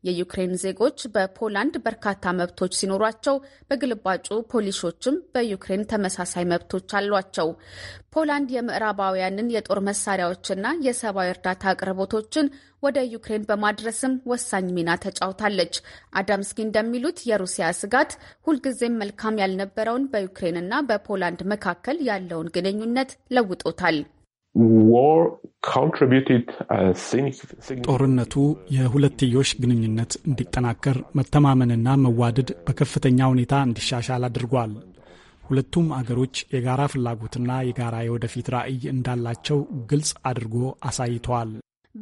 የዩክሬን ዜጎች በፖላንድ በርካታ መብቶች ሲኖሯቸው፣ በግልባጩ ፖሊሾችም በዩክሬን ተመሳሳይ መብቶች አሏቸው። ፖላንድ የምዕራባውያንን የጦር መሳሪያዎችን የምግብና የሰብአዊ እርዳታ አቅርቦቶችን ወደ ዩክሬን በማድረስም ወሳኝ ሚና ተጫውታለች። አዳምስኪ እንደሚሉት የሩሲያ ስጋት ሁልጊዜም መልካም ያልነበረውን በዩክሬንና በፖላንድ መካከል ያለውን ግንኙነት ለውጦታል።
uh,
ጦርነቱ የሁለትዮሽ ግንኙነት እንዲጠናከር መተማመንና መዋደድ በከፍተኛ ሁኔታ እንዲሻሻል አድርጓል። ሁለቱም አገሮች የጋራ ፍላጎትና የጋራ የወደፊት ራዕይ እንዳላቸው ግልጽ አድርጎ አሳይተዋል።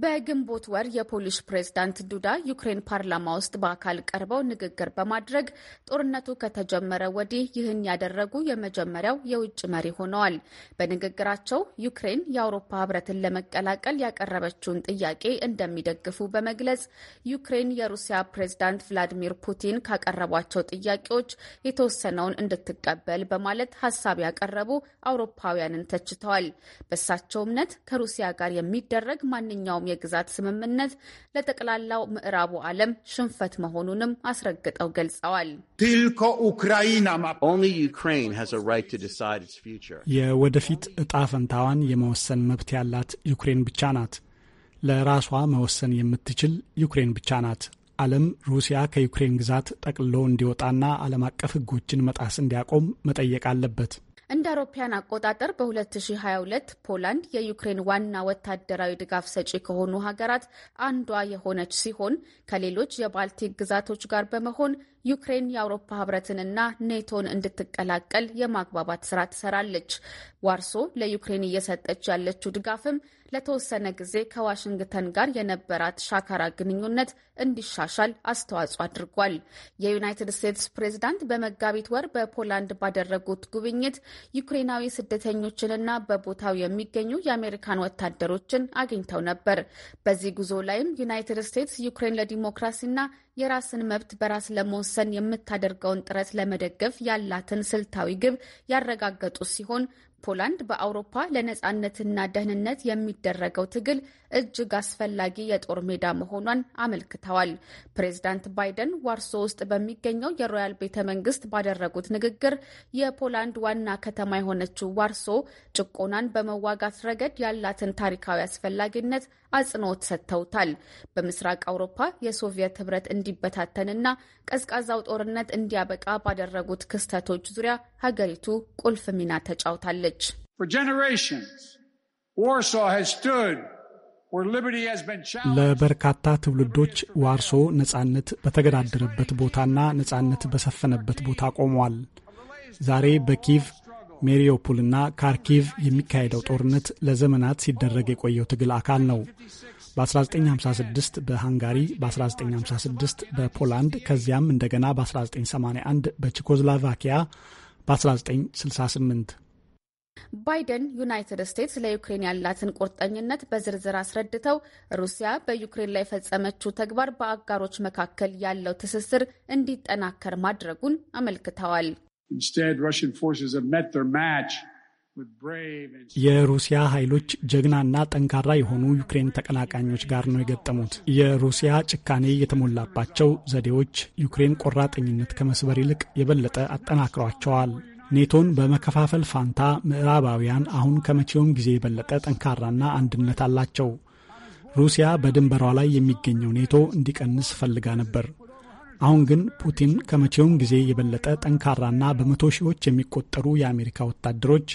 በግንቦት ወር የፖሊሽ ፕሬዝዳንት ዱዳ ዩክሬን ፓርላማ ውስጥ በአካል ቀርበው ንግግር በማድረግ ጦርነቱ ከተጀመረ ወዲህ ይህን ያደረጉ የመጀመሪያው የውጭ መሪ ሆነዋል። በንግግራቸው ዩክሬን የአውሮፓ ሕብረትን ለመቀላቀል ያቀረበችውን ጥያቄ እንደሚደግፉ በመግለጽ ዩክሬን የሩሲያ ፕሬዝዳንት ቭላዲሚር ፑቲን ካቀረቧቸው ጥያቄዎች የተወሰነውን እንድትቀበል በማለት ሀሳብ ያቀረቡ አውሮፓውያንን ተችተዋል። በእሳቸው እምነት ከሩሲያ ጋር የሚደረግ ማንኛውም የሰላም የግዛት ስምምነት ለጠቅላላው ምዕራቡ ዓለም ሽንፈት መሆኑንም አስረግጠው ገልጸዋል።
የወደፊት እጣ ፈንታዋን የመወሰን መብት ያላት ዩክሬን ብቻ ናት። ለራሷ መወሰን የምትችል ዩክሬን ብቻ ናት። ዓለም ሩሲያ ከዩክሬን ግዛት ጠቅልሎ እንዲወጣና ዓለም አቀፍ ሕጎችን መጣስ እንዲያቆም መጠየቅ አለበት።
እንደ አውሮፓያን አቆጣጠር በ2022 ፖላንድ የዩክሬን ዋና ወታደራዊ ድጋፍ ሰጪ ከሆኑ ሀገራት አንዷ የሆነች ሲሆን ከሌሎች የባልቲክ ግዛቶች ጋር በመሆን ዩክሬን የአውሮፓ ህብረትንና ኔቶን እንድትቀላቀል የማግባባት ስራ ትሰራለች። ዋርሶ ለዩክሬን እየሰጠች ያለችው ድጋፍም ለተወሰነ ጊዜ ከዋሽንግተን ጋር የነበራት ሻካራ ግንኙነት እንዲሻሻል አስተዋጽኦ አድርጓል። የዩናይትድ ስቴትስ ፕሬዝዳንት በመጋቢት ወር በፖላንድ ባደረጉት ጉብኝት ዩክሬናዊ ስደተኞችንና በቦታው የሚገኙ የአሜሪካን ወታደሮችን አግኝተው ነበር። በዚህ ጉዞ ላይም ዩናይትድ ስቴትስ ዩክሬን ለዲሞክራሲና የራስን መብት በራስ ለመወሰን የምታደርገውን ጥረት ለመደገፍ ያላትን ስልታዊ ግብ ያረጋገጡ ሲሆን ፖላንድ በአውሮፓ ለነፃነትና ደህንነት የሚደረገው ትግል እጅግ አስፈላጊ የጦር ሜዳ መሆኗን አመልክተዋል። ፕሬዚዳንት ባይደን ዋርሶ ውስጥ በሚገኘው የሮያል ቤተ መንግስት ባደረጉት ንግግር የፖላንድ ዋና ከተማ የሆነችው ዋርሶ ጭቆናን በመዋጋት ረገድ ያላትን ታሪካዊ አስፈላጊነት አጽንኦት ሰጥተውታል። በምስራቅ አውሮፓ የሶቪየት ህብረት እንዲበታተንና ቀዝቃዛው ጦርነት እንዲያበቃ ባደረጉት ክስተቶች ዙሪያ ሀገሪቱ ቁልፍ ሚና ተጫውታለች።
ለበርካታ ትውልዶች ዋርሶ ነጻነት በተገዳደረበት ቦታና ነጻነት በሰፈነበት ቦታ ቆሟል። ዛሬ በኪቭ ሜሪዮፖልና ካርኪቭ የሚካሄደው ጦርነት ለዘመናት ሲደረግ የቆየው ትግል አካል ነው። በ1956 በሃንጋሪ፣ በ1956 በፖላንድ ከዚያም እንደገና በ1981 በቼኮስሎቫኪያ በ1968
ባይደን ዩናይትድ ስቴትስ ለዩክሬን ያላትን ቁርጠኝነት በዝርዝር አስረድተው ሩሲያ በዩክሬን ላይ የፈጸመችው ተግባር በአጋሮች መካከል ያለው ትስስር እንዲጠናከር ማድረጉን አመልክተዋል።
የሩሲያ ኃይሎች ጀግናና ጠንካራ የሆኑ ዩክሬን ተቀናቃኞች ጋር ነው የገጠሙት። የሩሲያ ጭካኔ የተሞላባቸው ዘዴዎች ዩክሬን ቆራጠኝነት ከመስበር ይልቅ የበለጠ አጠናክሯቸዋል። ኔቶን በመከፋፈል ፋንታ ምዕራባውያን አሁን ከመቼውም ጊዜ የበለጠ ጠንካራና አንድነት አላቸው። ሩሲያ በድንበሯ ላይ የሚገኘው ኔቶ እንዲቀንስ ፈልጋ ነበር። አሁን ግን ፑቲን ከመቼውም ጊዜ የበለጠ ጠንካራና በመቶ ሺዎች የሚቆጠሩ የአሜሪካ ወታደሮች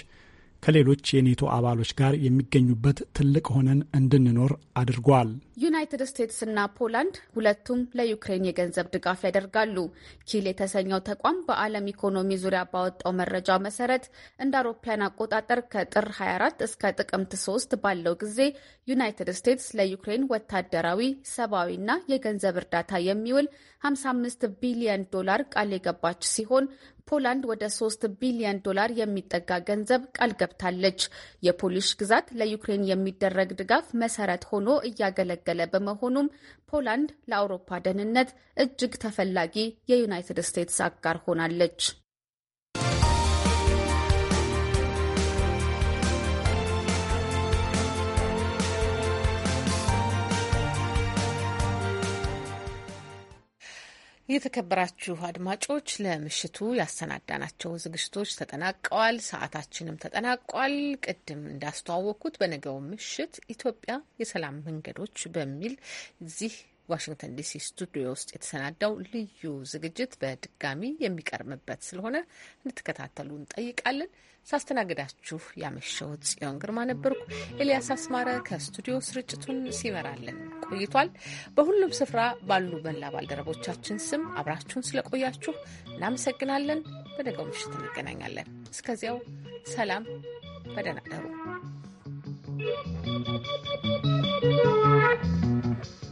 ከሌሎች የኔቶ አባሎች ጋር የሚገኙበት ትልቅ ሆነን እንድንኖር አድርጓል።
ዩናይትድ ስቴትስና ፖላንድ ሁለቱም ለዩክሬን የገንዘብ ድጋፍ ያደርጋሉ። ኪል የተሰኘው ተቋም በዓለም ኢኮኖሚ ዙሪያ ባወጣው መረጃ መሰረት እንደ አውሮፓያን አቆጣጠር ከጥር 24 እስከ ጥቅምት 3 ባለው ጊዜ ዩናይትድ ስቴትስ ለዩክሬን ወታደራዊ፣ ሰብአዊና የገንዘብ እርዳታ የሚውል 55 ቢሊዮን ዶላር ቃል የገባች ሲሆን ፖላንድ ወደ ሶስት ቢሊዮን ዶላር የሚጠጋ ገንዘብ ቃል ገብታለች። የፖሊሽ ግዛት ለዩክሬን የሚደረግ ድጋፍ መሰረት ሆኖ እያገለገለ በመሆኑም ፖላንድ ለአውሮፓ ደህንነት እጅግ ተፈላጊ የዩናይትድ ስቴትስ አጋር ሆናለች።
የተከበራችሁ አድማጮች ለምሽቱ ያሰናዳናቸው ዝግጅቶች ተጠናቀዋል። ሰዓታችንም ተጠናቋል። ቅድም እንዳስተዋወቅኩት በነገው ምሽት ኢትዮጵያ የሰላም መንገዶች በሚል እዚህ ዋሽንግተን ዲሲ ስቱዲዮ ውስጥ የተሰናዳው ልዩ ዝግጅት በድጋሚ የሚቀርብበት ስለሆነ እንድትከታተሉ እንጠይቃለን። ሳስተናግዳችሁ ያመሸሁት ጽዮን ግርማ ነበርኩ። ኤልያስ አስማረ ከስቱዲዮ ስርጭቱን ሲመራልን ቆይቷል። በሁሉም ስፍራ ባሉ መላ ባልደረቦቻችን ስም አብራችሁን ስለቆያችሁ እናመሰግናለን። በነገው ምሽት እንገናኛለን። እስከዚያው ሰላም፣ በደህና
you.